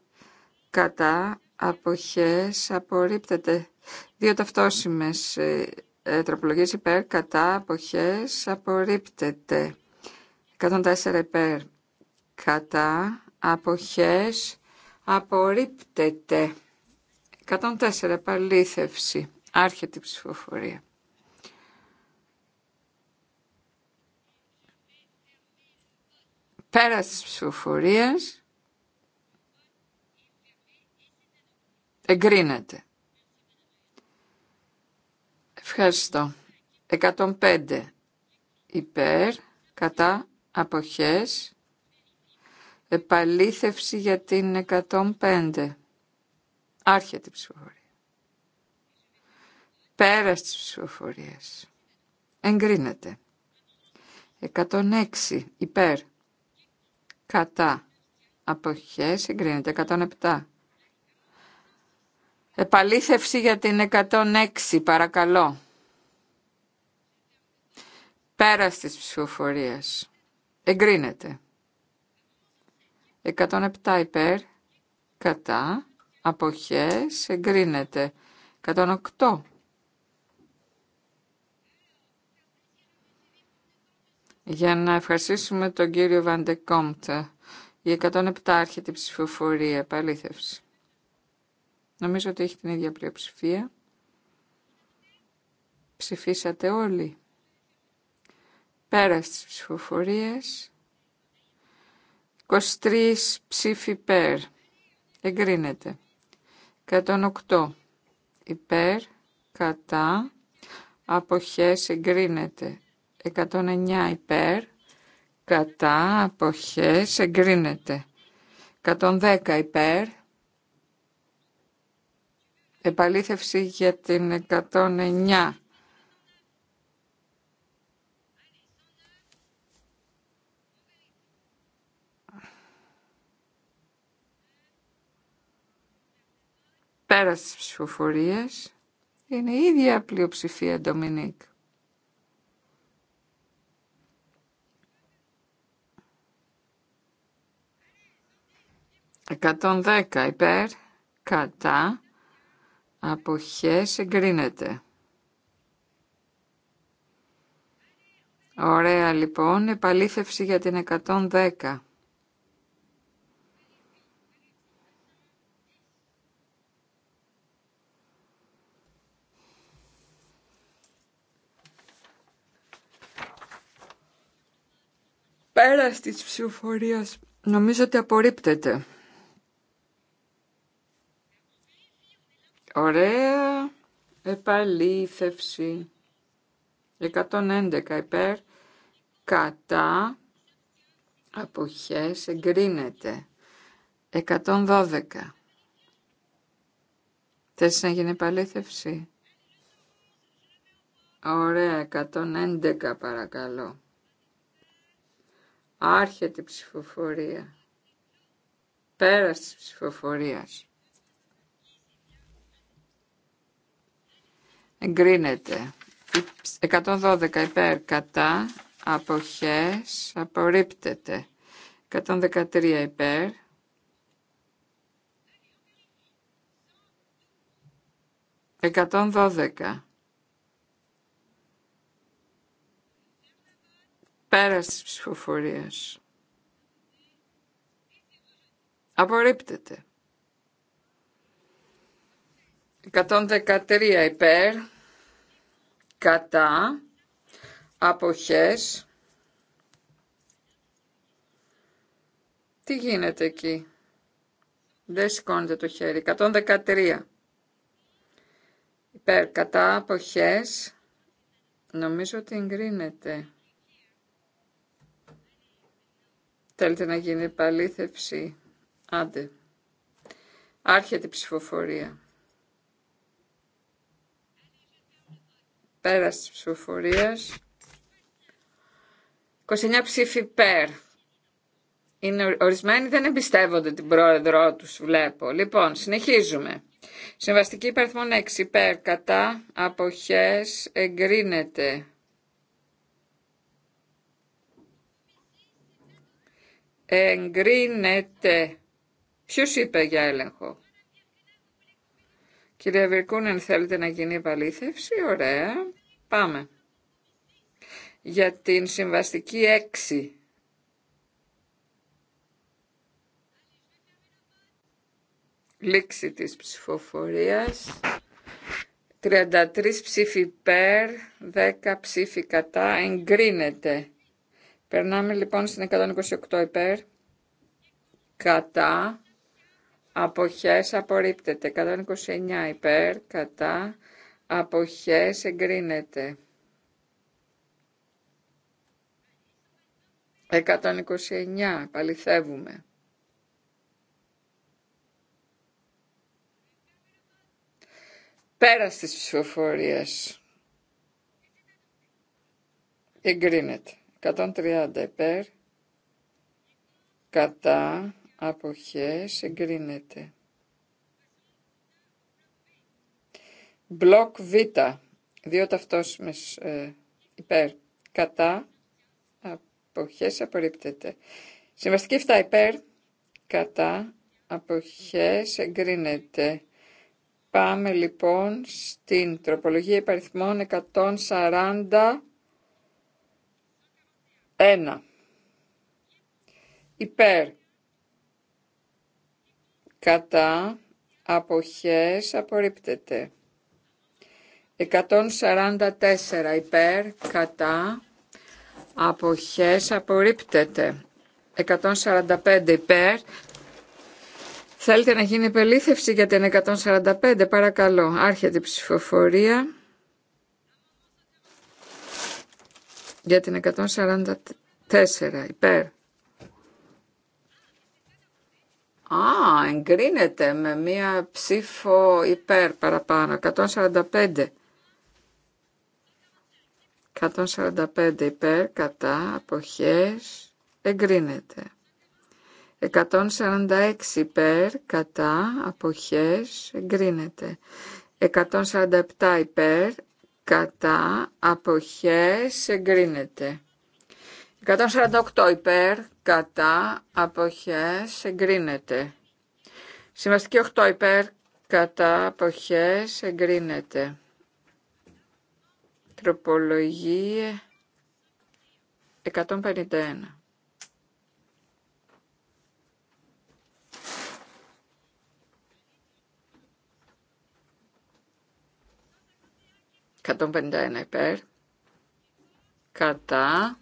κατά, αποχές, απορρίπτεται. Δύο ταυτόσιμες ε, ε, τροπολογίες υπέρ, κατά, αποχές, απορρίπτεται. 104 υπέρ, κατά, αποχές, Απορρίπτεται. 104. Επαλήθευση. Άρχεται η ψηφοφορία. Πέρα της ψηφοφορίας εγκρίνεται. Ευχαριστώ. 105 υπέρ, κατά, αποχές, Επαλήθευση για την 105. Άρχεται η ψηφοφορία. Πέρας της ψηφοφορίας. Εγκρίνεται. 106 υπέρ. Κατά. Αποχές εγκρίνεται. 107. Επαλήθευση για την 106 παρακαλώ. Πέρας της ψηφοφορίας. Εγκρίνεται. 107 υπέρ, κατά, αποχές, εγκρίνεται. 108. Για να ευχαριστήσουμε τον κύριο Βαντεκόμπτ, Η 107 έρχεται ψηφοφορία, επαλήθευση. Νομίζω ότι έχει την ίδια πλειοψηφία. Ψηφίσατε όλοι. Πέρα στις ψηφοφορίες 23 ψήφι υπέρ. Εγκρίνεται. 108 υπέρ, κατά, αποχές εγκρίνεται. 109 υπέρ, κατά, αποχές εγκρίνεται. 110 υπέρ, επαλήθευση για την 109 Πέρα στις ψηφοφορίες είναι η ίδια πλειοψηφία Ντομινίκ. Εκατόν δέκα υπέρ, κατά, αποχές εγκρίνεται. Ωραία λοιπόν, επαλήφευση για την 110. Πέρας της ψηφοφορίας νομίζω ότι απορρίπτεται. Ωραία επαλήθευση. 111 υπέρ κατά αποχές εγκρίνεται. 112. Θες να γίνει επαλήθευση. Ωραία, 111 παρακαλώ. Άρχεται η ψηφοφορία. Πέρας της ψηφοφορίας. Εγκρίνεται. 112 υπέρ κατά, αποχές, απορρίπτεται. 113 υπέρ. Εκατόν δώδεκα. Πέρας της ψηφοφορίας. Απορρίπτεται. 113 υπέρ, κατά, αποχές. Τι γίνεται εκεί. Δεν σηκώνεται το χέρι. 113. Υπέρ, κατά, αποχές. Νομίζω ότι εγκρίνεται. Θέλετε να γίνει επαλήθευση. Άντε. Άρχεται η ψηφοφορία. Πέρας της ψηφοφορίας. 29 ψήφοι περ. Είναι ορισμένοι δεν εμπιστεύονται την πρόεδρό τους, βλέπω. Λοιπόν, συνεχίζουμε. Συμβαστική υπαριθμών 6 υπέρ κατά αποχές εγκρίνεται. εγκρίνεται. Ποιος είπε για έλεγχο. Κυρία Βερκούνεν, θέλετε να γίνει επαλήθευση. Ωραία. Πάμε. Για την συμβαστική 6. Λήξη της ψηφοφορίας. 33 ψήφοι υπέρ, 10 ψήφοι κατά, εγκρίνεται. Περνάμε λοιπόν στην 128 υπέρ. Κατά. Αποχές απορρίπτεται. 129 υπέρ. Κατά. Αποχές εγκρίνεται. 129. Παληθεύουμε. Πέρα στις ψηφοφορίας. Εγκρίνεται. 130 υπέρ, κατά, αποχές, εγκρίνεται. Μπλοκ Β, δύο ταυτόσιμες ε, υπέρ, κατά, αποχές, απορρίπτεται. Συμβαστική 7 υπέρ, κατά, αποχές, εγκρίνεται. Πάμε λοιπόν στην τροπολογία υπαριθμών 140 ένα. Υπέρ. Κατά. Αποχές απορρίπτεται. 144 υπέρ, κατά, αποχές απορρίπτεται. 145 υπέρ. Θέλετε να γίνει επελήθευση για την 145, παρακαλώ. Άρχεται η ψηφοφορία. για την 144 υπέρ. Α, εγκρίνεται με μία ψήφο υπέρ παραπάνω. 145. 145 υπέρ, κατά, αποχές, εγκρίνεται. 146 υπέρ, κατά, αποχές, εγκρίνεται. 147 υπέρ, κατά, αποχές, εγκρίνεται. 148 υπέρ, κατά, αποχές, εγκρίνεται. Συμβαστική 8 υπέρ, κατά, αποχές, εγκρίνεται. Τροπολογία 151. 151 υπέρ. Κατά.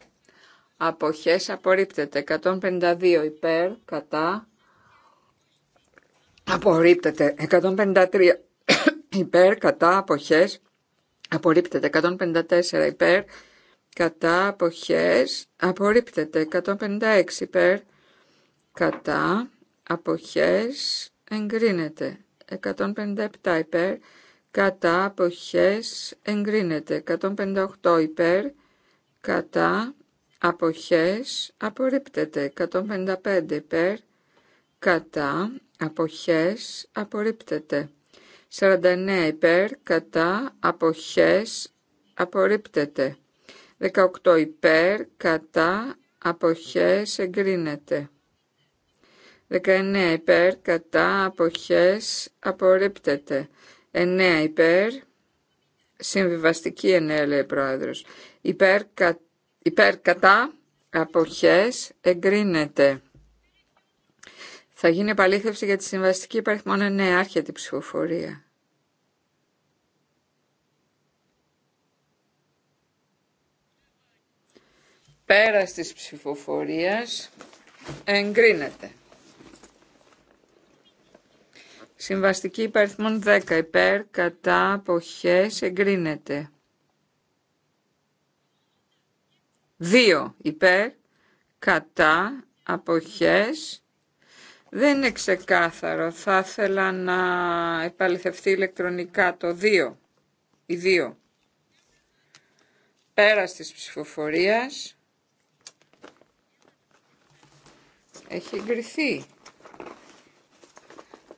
Αποχές απορρίπτεται. 152 υπέρ. Κατά. Απορρίπτεται. 153 υπέρ. Κατά. Αποχές. Απορρίπτεται. 154 υπέρ. Κατά. Αποχές. Απορρίπτεται. 156 υπέρ. Κατά. Αποχές. Εγκρίνεται. 157 υπέρ κατά αποχές εγκρίνεται. 158 υπέρ κατά αποχές απορρίπτεται. 155 υπέρ κατά αποχές απορρίπτεται. 49 υπέρ κατά αποχές απορρίπτεται. 18 υπέρ κατά αποχές εγκρίνεται. 19 υπέρ κατά αποχές απορρίπτεται. 9 υπέρ, συμβιβαστική 9 λέει πρόεδρος, υπέρ, κα, υπέρ κατά αποχές εγκρίνεται. Θα γίνει επαλήθευση για τη συμβαστική μόνο 9, άρχια την ψηφοφορία. Πέρας της ψηφοφορίας εγκρίνεται. Συμβαστική υπαριθμών 10 υπέρ κατά αποχές εγκρίνεται. 2 υπέρ κατά αποχές δεν είναι ξεκάθαρο. Θα ήθελα να επαληθευτεί ηλεκτρονικά το 2. Η 2. Πέρας της ψηφοφορίας έχει εγκριθεί.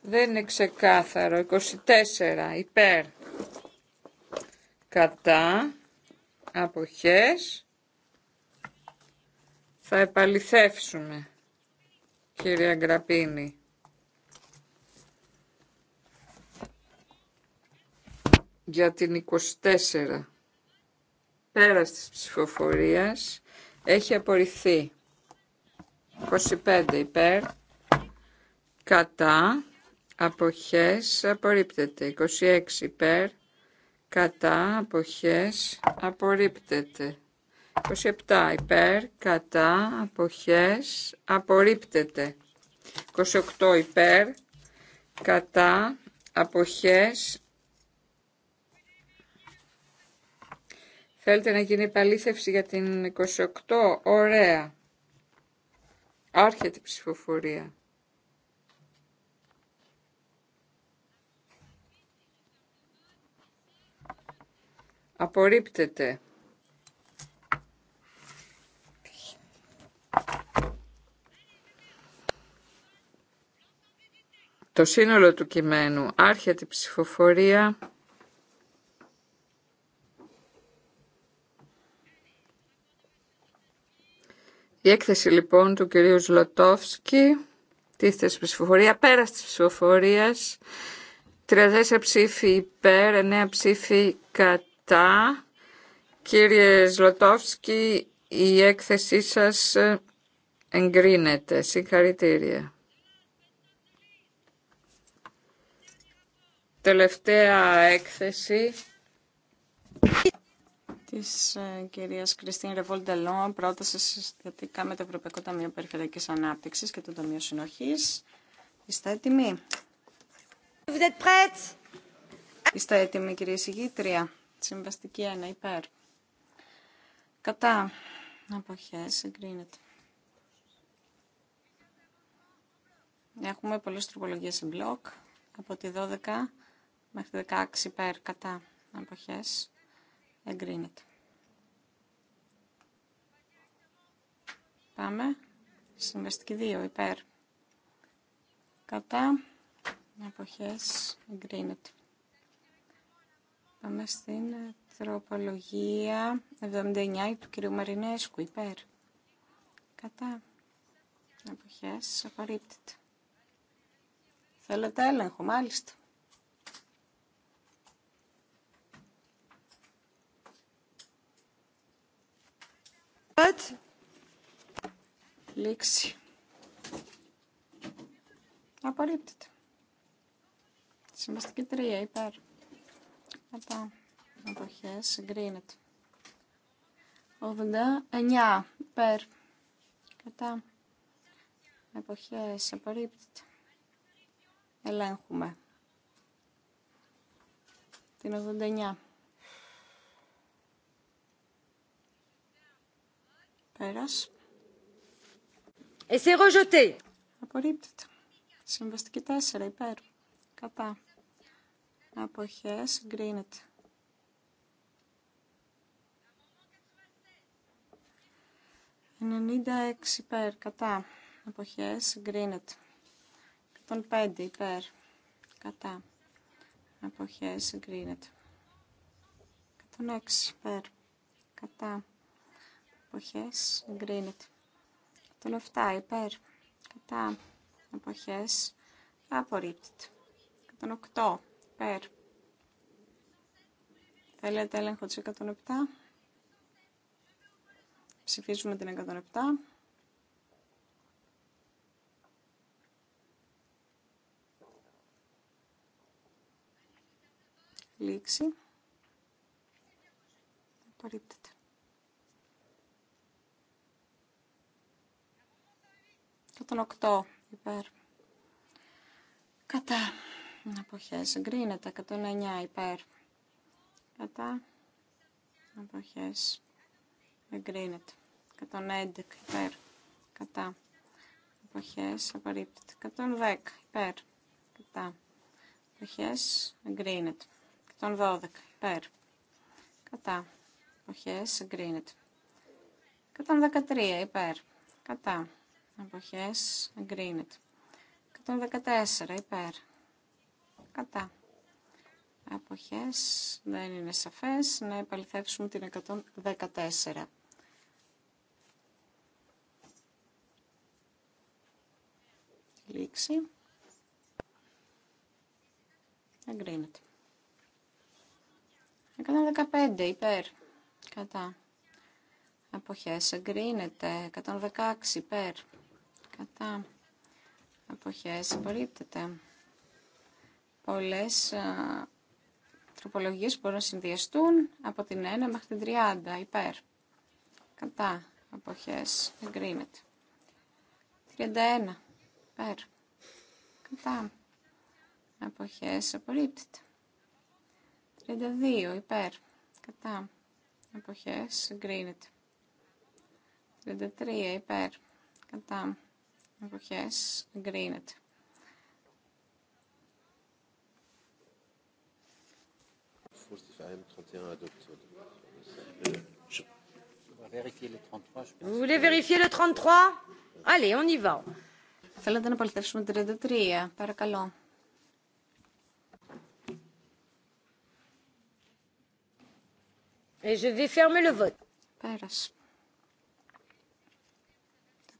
Δεν είναι ξεκάθαρο. 24 υπέρ κατά αποχές. Θα επαληθεύσουμε, κυρία Γκραπίνη. Για την 24 πέρας της ψηφοφορίας έχει απορριφθεί 25 υπέρ κατά αποχές απορρίπτεται. 26 υπέρ κατά αποχές απορρίπτεται. 27 υπέρ κατά αποχές απορρίπτεται. 28 υπέρ κατά αποχές Θέλετε να γίνει επαλήθευση για την 28. Ωραία. Άρχεται η ψηφοφορία. Απορρίπτεται. Το σύνολο του κειμένου άρχεται η ψηφοφορία. Η έκθεση λοιπόν του κυρίου Ζλωτόφσκι τίθεται θέση ψηφοφορία, πέρα τη ψηφοφορία. 34 ψήφοι υπέρ, 9 ψήφοι κατά Κύριε Ζλωτόφσκι η έκθεσή σας εγκρίνεται. Συγχαρητήρια. Τελευταία έκθεση της ε, κυρίας Κριστίν Ρεβόλντελό, πρόταση συστατικά με το Ευρωπαϊκό Ταμείο Περιφερειακής Ανάπτυξης και το Ταμείο Συνοχής. Είστε έτοιμοι. Είστε έτοιμοι, κυρία Συγήτρια. Συμβαστική 1 υπέρ. Κατά αποχές εγκρίνεται. Έχουμε πολλέ τροπολογίε σε μπλοκ. Από τη 12 μέχρι τη 16 υπέρ κατά αποχές εγκρίνεται. Πάμε. Συμβαστική 2 υπέρ. Κατά αποχές εγκρίνεται. Πάμε στην τροπολογία 79 του κυρίου Μαρινέσκου, υπέρ. Κατά. Αποχές, απορρίπτεται. Θέλετε έλεγχο, μάλιστα. But... Λήξη. Απορρίπτεται. Συμβαστική τρία, υπέρ. Κατά εποχές. Συγκρίνεται. 89 υπέρ. Κατά Εποχέ, απορρίπτεται. Ελέγχουμε. Την 89. Πέρας. Et c'est rejeté. Συμβαστική 4 υπέρ. Κατά αποχές γκρίνεται. 96 υπέρ κατά αποχές γκρίνεται. 105 υπέρ κατά αποχές γκρίνεται. 106 υπέρ κατά αποχές γκρίνεται. 107 υπέρ κατά αποχές απορρίπτεται. 108 Υπέρ. Θέλετε έλεγχο της 107. Ψηφίζουμε την 107. Λήξη. Απορρίπτεται. 8 υπέρ. Κατά. Αποχές εγκρίνεται. 109 υπέρ. Κατά. Αποχές εγκρίνεται. 111 υπέρ. Κατά. Αποχές απορρίπτεται. 110 υπέρ. Κατά. Αποχές εγκρίνεται. 112 υπέρ. Κατά. Αποχές εγκρίνεται. 113 υπέρ. Κατά. Αποχές εγκρίνεται. 114 υπέρ κατά. Αποχές δεν είναι σαφές. Να επαληθεύσουμε την 114. Λήξη. Εγκρίνεται. 115 υπέρ. Κατά. Αποχές εγκρίνεται. 116 υπέρ. Κατά. Αποχές απορρίπτεται πολλές τροπολογίες μπορούν να συνδυαστούν από την 1 μέχρι την 30 υπέρ. Κατά αποχές εγκρίνεται. 31 υπέρ. Κατά αποχές απορρίπτεται. 32 υπέρ. Κατά αποχές εγκρίνεται. 33 υπέρ. Κατά αποχές εγκρίνεται. Vous voulez 33 Allez, on y Θέλετε να παληθεύσουμε 33, παρακαλώ. Et je vais fermer le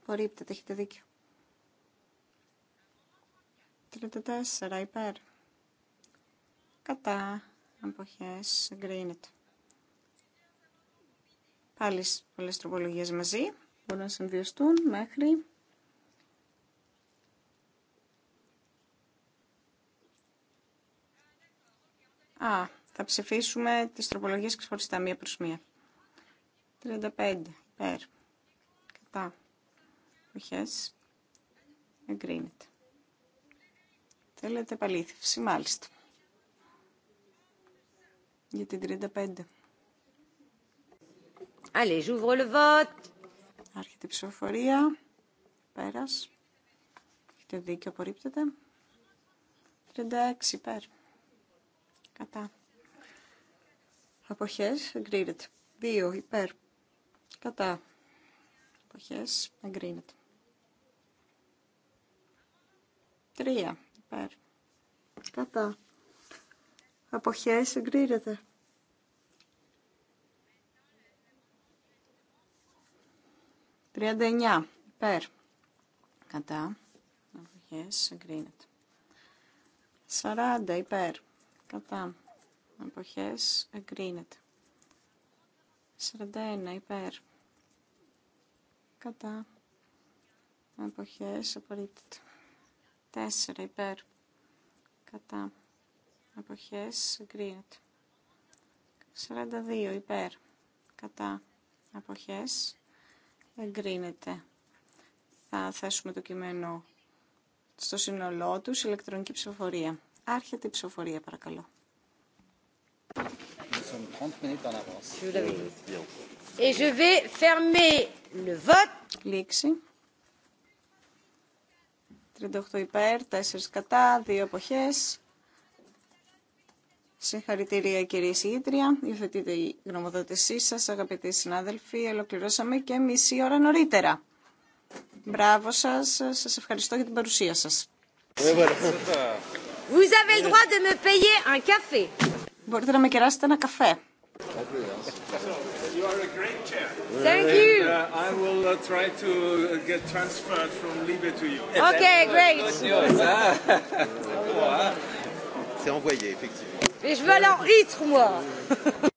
Απορρίπτεται, έχετε δίκιο. 34, υπέρ. Κατά αποχές εγκρίνεται. Πάλι πολλές τροπολογίες μαζί μπορούν να συνδυαστούν μέχρι Α, θα ψηφίσουμε τις τροπολογίες ξεχωριστά μία προς μία. 35, περ κατά, αποχές, εγκρίνεται. Θέλετε επαλήθευση, μάλιστα για την 35. Allez, j'ouvre le vote. Άρχεται η ψηφοφορία. Πέρας. Έχετε δίκιο, απορρίπτεται. 36 υπέρ. Κατά. Αποχές, εγκρίνεται. 2 υπέρ. Κατά. Αποχές, εγκρίνεται. 3 υπέρ. Κατά αποχές συγκρίνεται. Τριάντα εννιά υπέρ κατά αποχές συγκρίνεται. Σαράντα υπέρ κατά αποχές εγκρίνεται. Σαράντα ένα υπέρ κατά αποχές απορρίπτεται. Τέσσερα υπέρ κατά αποχές εγκρίνεται. 42 υπέρ κατά αποχές εγκρίνεται. Θα θέσουμε το κείμενο στο σύνολό του ηλεκτρονική ψηφοφορία. Άρχεται η ψηφοφορία παρακαλώ. Et Λήξη. 38 υπέρ, 4 κατά, 2 αποχές. Συγχαρητήρια κυρία Συγήτρια, υιοθετείτε η γνωμοδότησή σας, αγαπητοί συνάδελφοι, ολοκληρώσαμε και μισή ώρα νωρίτερα. Μπράβο σας, σας ευχαριστώ για την παρουσία σας. Vous avez le droit de me payer un café. Μπορείτε να με κεράσετε ένα καφέ. You are a great chair. Thank you. Uh, I will uh, try to uh, get transferred from Libya to you. Okay, great. C'est envoyé, effectivement. Mais je veux aller en rythme, moi